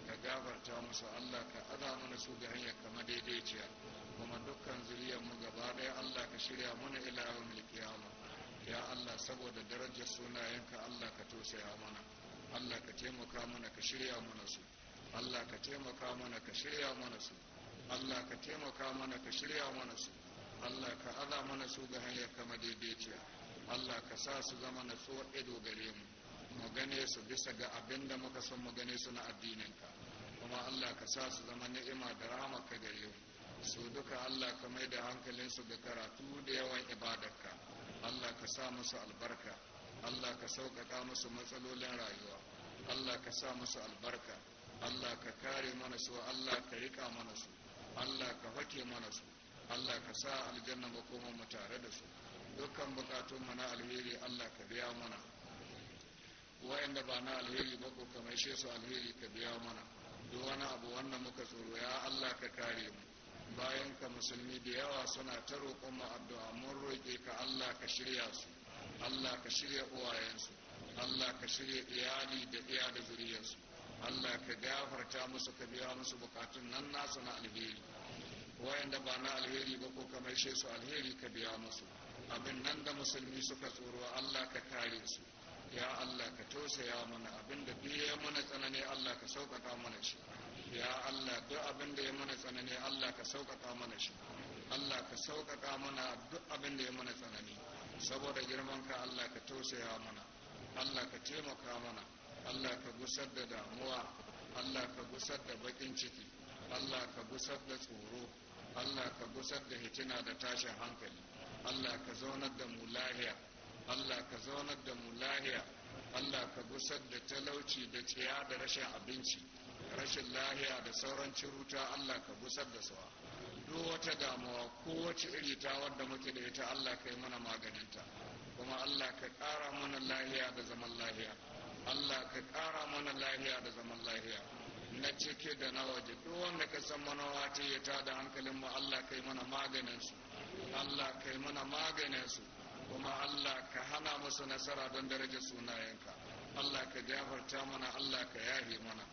ka gabarta musu Allah ka aza mana su ga hanyar kama daidaiciya kuma dukkan zuriyar mu gaba ɗaya Allah ka shirya mana ila yawmil qiyama ya Allah saboda darajar sunayenka Allah ka tosaya mana Allah ka taimaka mana ka shirya mana su Allah ka taimaka mana ka shirya mana su Allah ka taimaka mana ka shirya mana su Allah ka aza mana su ga hanyar kama daidaiciya Allah ka sa su zama na natsuwar ido gare mu mu gane su bisa ga abin da muka san mu gane su na addininka kuma Allah ka sa su zama ni'ima da rahama ka gare mu su duka Allah ka mai da su ga karatu da yawan ibadarka Allah ka sa musu albarka Allah ka sauƙaƙa musu matsalolin rayuwa Allah ka sa musu albarka Allah ka kare mana su Allah ka rika mana su Allah ka hake mana su Allah ka sa aljanna koma mu tare da su dukkan bukatun mu na alheri Allah ka biya mana wa'anda ba na alheri ba ko kamar she su alheri ka biya mana duk wani abu wannan muka tsoro ya Allah ka kare mu bayan ka musulmi da yawa suna ta roƙon mu addu'a mun roƙe ka Allah ka shirya su Allah ka shirya su, Allah ka shirya iyali da iya da su, Allah ka gafarta musu ka biya musu bukatun nan nasu na alheri wayanda ba na alheri ba ko kamar she su alheri ka biya musu abin nan da musulmi suka tsoro Allah ka kare su ya Allah ka tausaya mana abin da duk ya mana tsanani Allah ka sauƙaƙa mana shi ya Allah duk abin da ya mana tsanani Allah ka sauƙaƙa mana shi Allah ka sauƙaƙa mana duk abin da ya mana tsanani saboda girman ka Allah ka tausaya mana Allah ka taimaka mana Allah ka gusar da damuwa Allah ka gusar da baƙin ciki Allah ka gusar da tsoro Allah ka gusar da hitina da tashin hankali Allah ka zaunar da mu lahiya Allah ka zaunar da mu lahiya Allah ka gusar da talauci da ciya da rashin abinci rashin lahiya da sauran ciruta Allah ka gusar da suwa duk wata damuwa ko kowace iri ta wanda muke da ita Allah ka yi mana ta kuma Allah ka ƙara mana lahiya da zaman lahiya Allah ka ƙara mana lahiya da zaman lahiya na cike da na waje duk wanda ka san manawa ta ya da hankalin mu Allah ka yi mana maganin su Allah kai mana maganin su kuma Allah ka hana musu nasara don darajar sunayenka Allah ka gafarta mana Allah ka yahe mana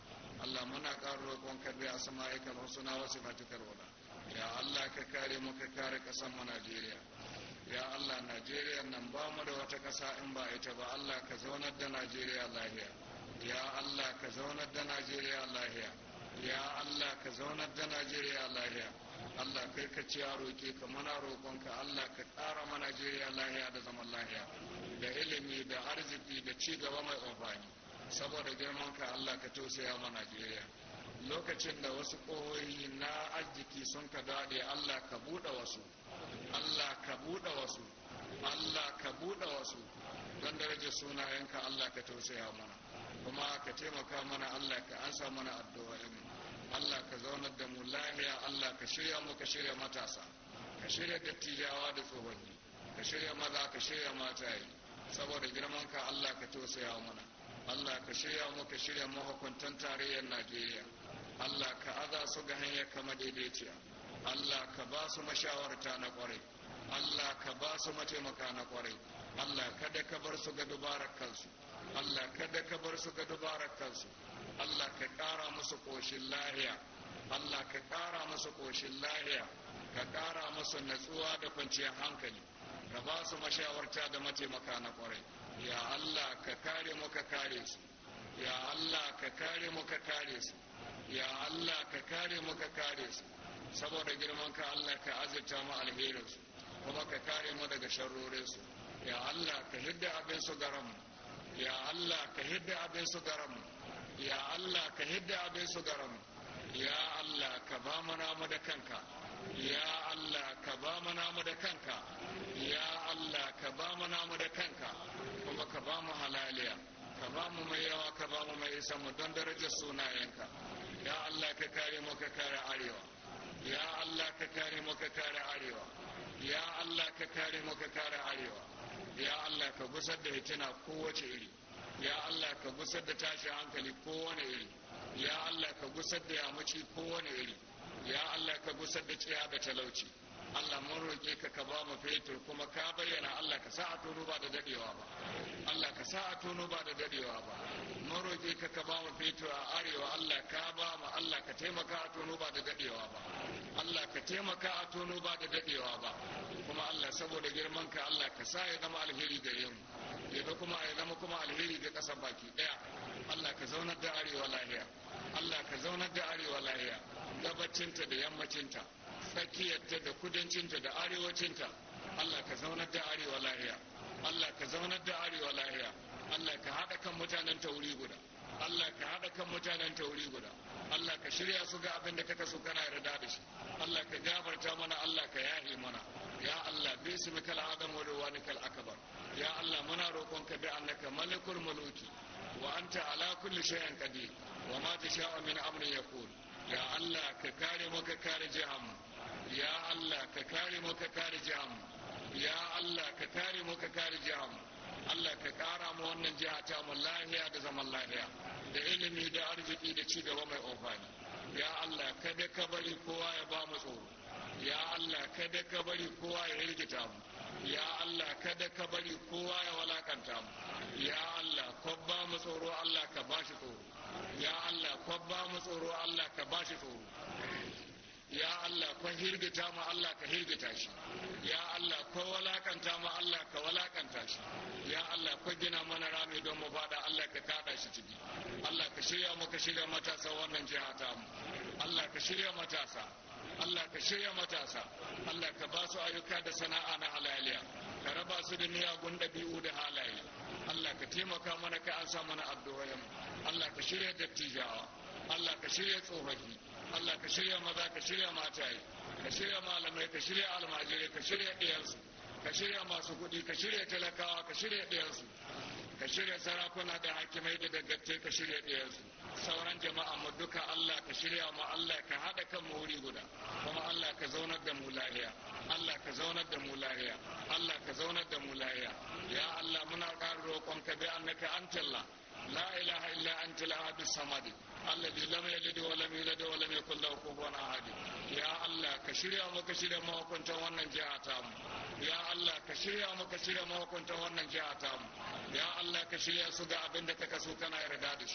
Allah muna ƙara roƙon ka biya asma'ika husna wasu sifatikal ula ya Allah ka kare mu ka kare ƙasar mu Najeriya ya Allah Najeriya nan ba mu da wata ƙasa in ba ita ba Allah ka zaunar da Najeriya lahiya ya Allah ka zaunar da Najeriya lahiya ya Allah ka zaunar da Najeriya lahiya Allah kai ka ci roƙe ka muna roƙonka Allah ka ƙara mana jiriya lahiya da zaman lahiya da ilimi da arziki da ci gaba mai amfani saboda girman ka Allah ka tausaya mana Najeriya lokacin da wasu ƙohoyi na arziki sun ka daɗe Allah ka buɗe wasu Allah ka buɗe wasu Allah ka buɗe wasu don darajar sunayenka Allah ka tausaya mana kuma ka taimaka mana Allah ka ansa mana addu'o'in Allah ka zaunar da mu lafiya Allah ka shirya mu ka shirya matasa ka shirya dattijawa da tsohonni ka shirya maza ka shirya mataye saboda girman ka Allah ka tausaya mana Allah ka shirya mu ka shirya mahukuntan tarayyar Najeriya Allah ka aza su ga hanyar kama daidaiciya Allah ka ba su mashawarta na kwarai Allah ka ba su mataimaka na kwarai Allah kada ka bar su ga dubarar kansu Allah kada ka bar su ga dubarar kansu Allah ka ƙara musu ƙoshin lahiya Allah ka ƙara musu ƙoshin lahiya ka ƙara musu natsuwa da kwanciyar hankali ka ba su mashawarta da mataimaka na ƙwarai ya Allah ka kare mu ka kare su ya Allah ka kare mu ka kare su ya Allah ka kare mu ka kare su saboda girman ka Allah ka azurta mu alherin su kuma ka kare mu daga sharrorin su ya Allah ka hidda abin su garan mu ya Allah ka hidda abin su garan mu ya Allah ka hidda abin su garan ya Allah ka ba mu namu da kanka ya Allah ka ba mu namu da kanka ya Allah ka ba mu namu da kanka kuma ka ba mu halaliya ka ba mu mai yawa ka ba mu mai isa mu don darajar sunayenka ya Allah ka kare mu ka kare arewa ya Allah ka kare mu ka kare arewa ya Allah ka kare mu ka kare arewa ya Allah ka gusar da hitina kowace iri ya Allah ka gusar da tashin hankali kowane iri ya Allah ka gusar da yamaci kowane iri ya Allah ka gusar da ciya da talauci Allah mun roƙe ka ka ba mu fetur kuma ka bayyana Allah ka sa a tono ba da dadewa ba Allah ka sa a tono ba da dadewa ba mun roƙe ka ka ba mu fetur a arewa Allah ka ba mu Allah ka taimaka a tono ba da dadewa ba Allah ka taimaka a tono ba da dadewa ba kuma Allah saboda girman ka Allah ka sa ya zama alheri gare mu ya kuma ya zama kuma alheri ga kasar baki daya Allah ka zaunar da arewa lahiya Allah ka zaunar da arewa lahiya gabacinta da yammacinta tsakiyarta da kudancinta da arewacinta Allah ka zaunar da arewa lahiya Allah ka zaunar da arewa lahiya Allah ka haɗa kan mutanen ta wuri guda Allah ka haɗa kan mutanen ta wuri guda Allah ka shirya su ga abin da kaka so kana yarda da shi Allah ka gafarta mana Allah ka yahe mana ya Allah bi ismika al-adam wa rawanika al-akbar ya Allah muna roƙon ka bi annaka malikul muluki wa anta ala kulli shay'in qadir wa ma tasha'u min amrin yaqul ya Allah ka kare mu ka kare jihar ya Allah ka kare mu ka kare jihar ya Allah ka kare mu ka kare jihar Allah ka kara mu wannan jiha ta mu lahiya da zaman lahiya da ilimi da arziki da ci gaba mai ofani, ya Allah kada ka bari kowa ya ba mu tsoro ya Allah kada ka bari kowa ya rigita mu ya Allah kada ka bari kowa ya walakanta mu ya Allah kwabba mu tsoro Allah ka bashi tsoro ya Allah kwabba mu tsoro Allah ka bashi tsoro ya Allah ka hirgita mu Allah ka hirgita shi ya Allah ka walakanta mu Allah ka walakanta shi ya Allah ka gina mana rami don mu fada Allah ka kada shi ciki Allah ka shirya mu ka shirya matasa wannan jiha ta mu Allah ka shirya matasa Allah ka shirya matasa Allah ka ba su ayyuka da sana'a na halaliya ka raba su da miyagun biyu da halaye Allah ka taimaka mana ka an sa mana addu'o'in Allah ka shirya dattijawa Allah ka shirya tsofaffi Allah ka shirya maza ka shirya mataye ka shirya malamai ka shirya almajirai ka shirya ɗiyansu ka shirya masu kuɗi ka shirya talakawa ka shirya ɗiyansu ka shirya sarakuna da hakimai da dangante ka shirya ɗiyansu sauran jama'a mu duka Allah ka shirya mu Allah ka haɗa kan mu wuri guda kuma Allah ka zaunar da mu lahiya Allah ka zaunar da mu lahiya Allah ka zaunar da mu lahiya ya Allah muna ƙarin roƙon ka bi annaka antalla لا إله إلا أنت الأحد الصمد الذي لم يلد ولم يولد ولم يكن له كفوا أحد يا الله كشريا وكشريا ما كنت وانا جاءتام يا الله كشريا وكشريا ما كنت وانا جاءتام يا الله كشريا سوغا أبند كسو كان يردادش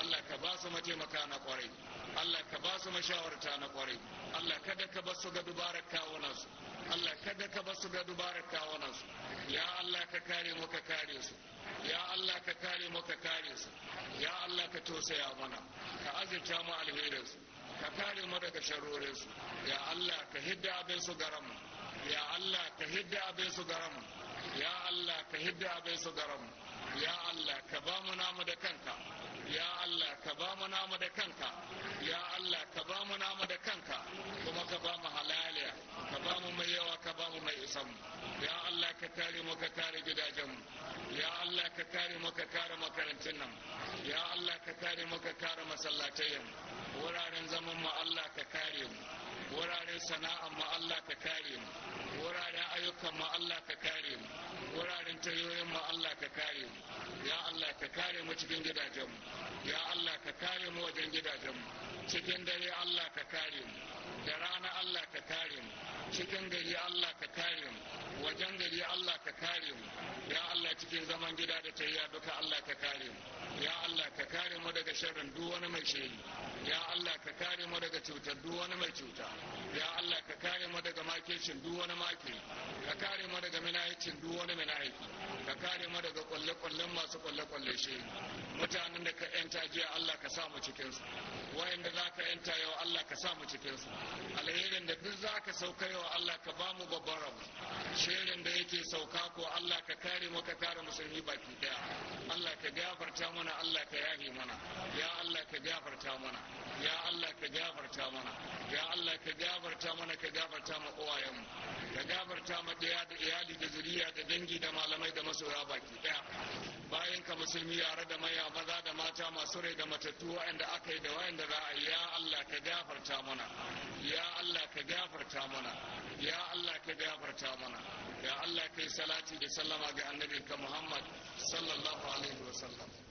الله كباس متي مكان قري الله كباس مشاور تان قري الله كدا كباس سوغا دبارك كاونس الله كدا كباس سوغا دبارك كاونس يا الله ككاري وككاري سوغا ya Allah ka kare mu ka kare su ya Allah ka tausaya mana ka azurta mu alherinsu ka kare mu daga sharorinsu ya Allah ka hidda abin su garan ya Allah ka hidda abin su garan ya Allah ka hidda abin su garan ya Allah ka ba mu namu da kanka ya Allah ka ba mu namu da kanka ya Allah ka ba mu namu da kanka kuma ka ba mu halaliya ka ba mu mai yawa ka ba mu mai isan ya Allah ka kare mu ka kare gidajen mu ya Allah ka kare mu ka kare makarantun nan ya Allah ka kare mu ka kare masallatayen wuraren zaman mu Allah ka kare mu wuraren sana'a mu Allah ka kare mu wuraren ayyukan mu Allah ka kare mu wuraren tayoyin mu Allah ka kare mu ya Allah ka kare mu cikin gidajen mu ya Allah ka kare mu wajen gidajenmu cikin dare Allah ka kare mu da rana Allah ka kare mu cikin gari Allah ka kare mu wajen gari Allah ka kare mu ya Allah cikin zaman gida da tayya duka Allah ka kare mu ya Allah ka kare mu daga sharrin duk wani mai shiri ya Allah ka kare mu daga cutar duk wani mai cuta ya Allah ka kare mu daga makircin duk wani maki ka kare mu daga minahicin duk wani minahiki ka kare mu daga kwalle-kwallen masu kwalle-kwalle shi mutanen da ka ka yanta jiya Allah ka samu cikin su wayanda zaka yanta yau Allah ka samu cikin su alherin da duk zaka sauka yau Allah ka bamu babban rabu shirin da yake sauka ko Allah ka kare mu ka kare musulmi baki daya Allah ka gafarta mana Allah ka yahi mana ya Allah ka gafarta mana ya Allah ka gafarta mana ya Allah ka gafarta mana ka gafarta mu uwayenmu ka gafarta ma da iyali da zuriya da dangi da malamai da masoya baki daya bayan ka musulmi yare da maya maza da mata gafarta masu rai da matattu wa'anda aka yi da wa'anda za a ya Allah ka gafarta mana ya Allah ka gafarta mana ya Allah ka gafarta mana ya Allah kai salati da sallama ga annabinka Muhammad sallallahu alaihi wa sallam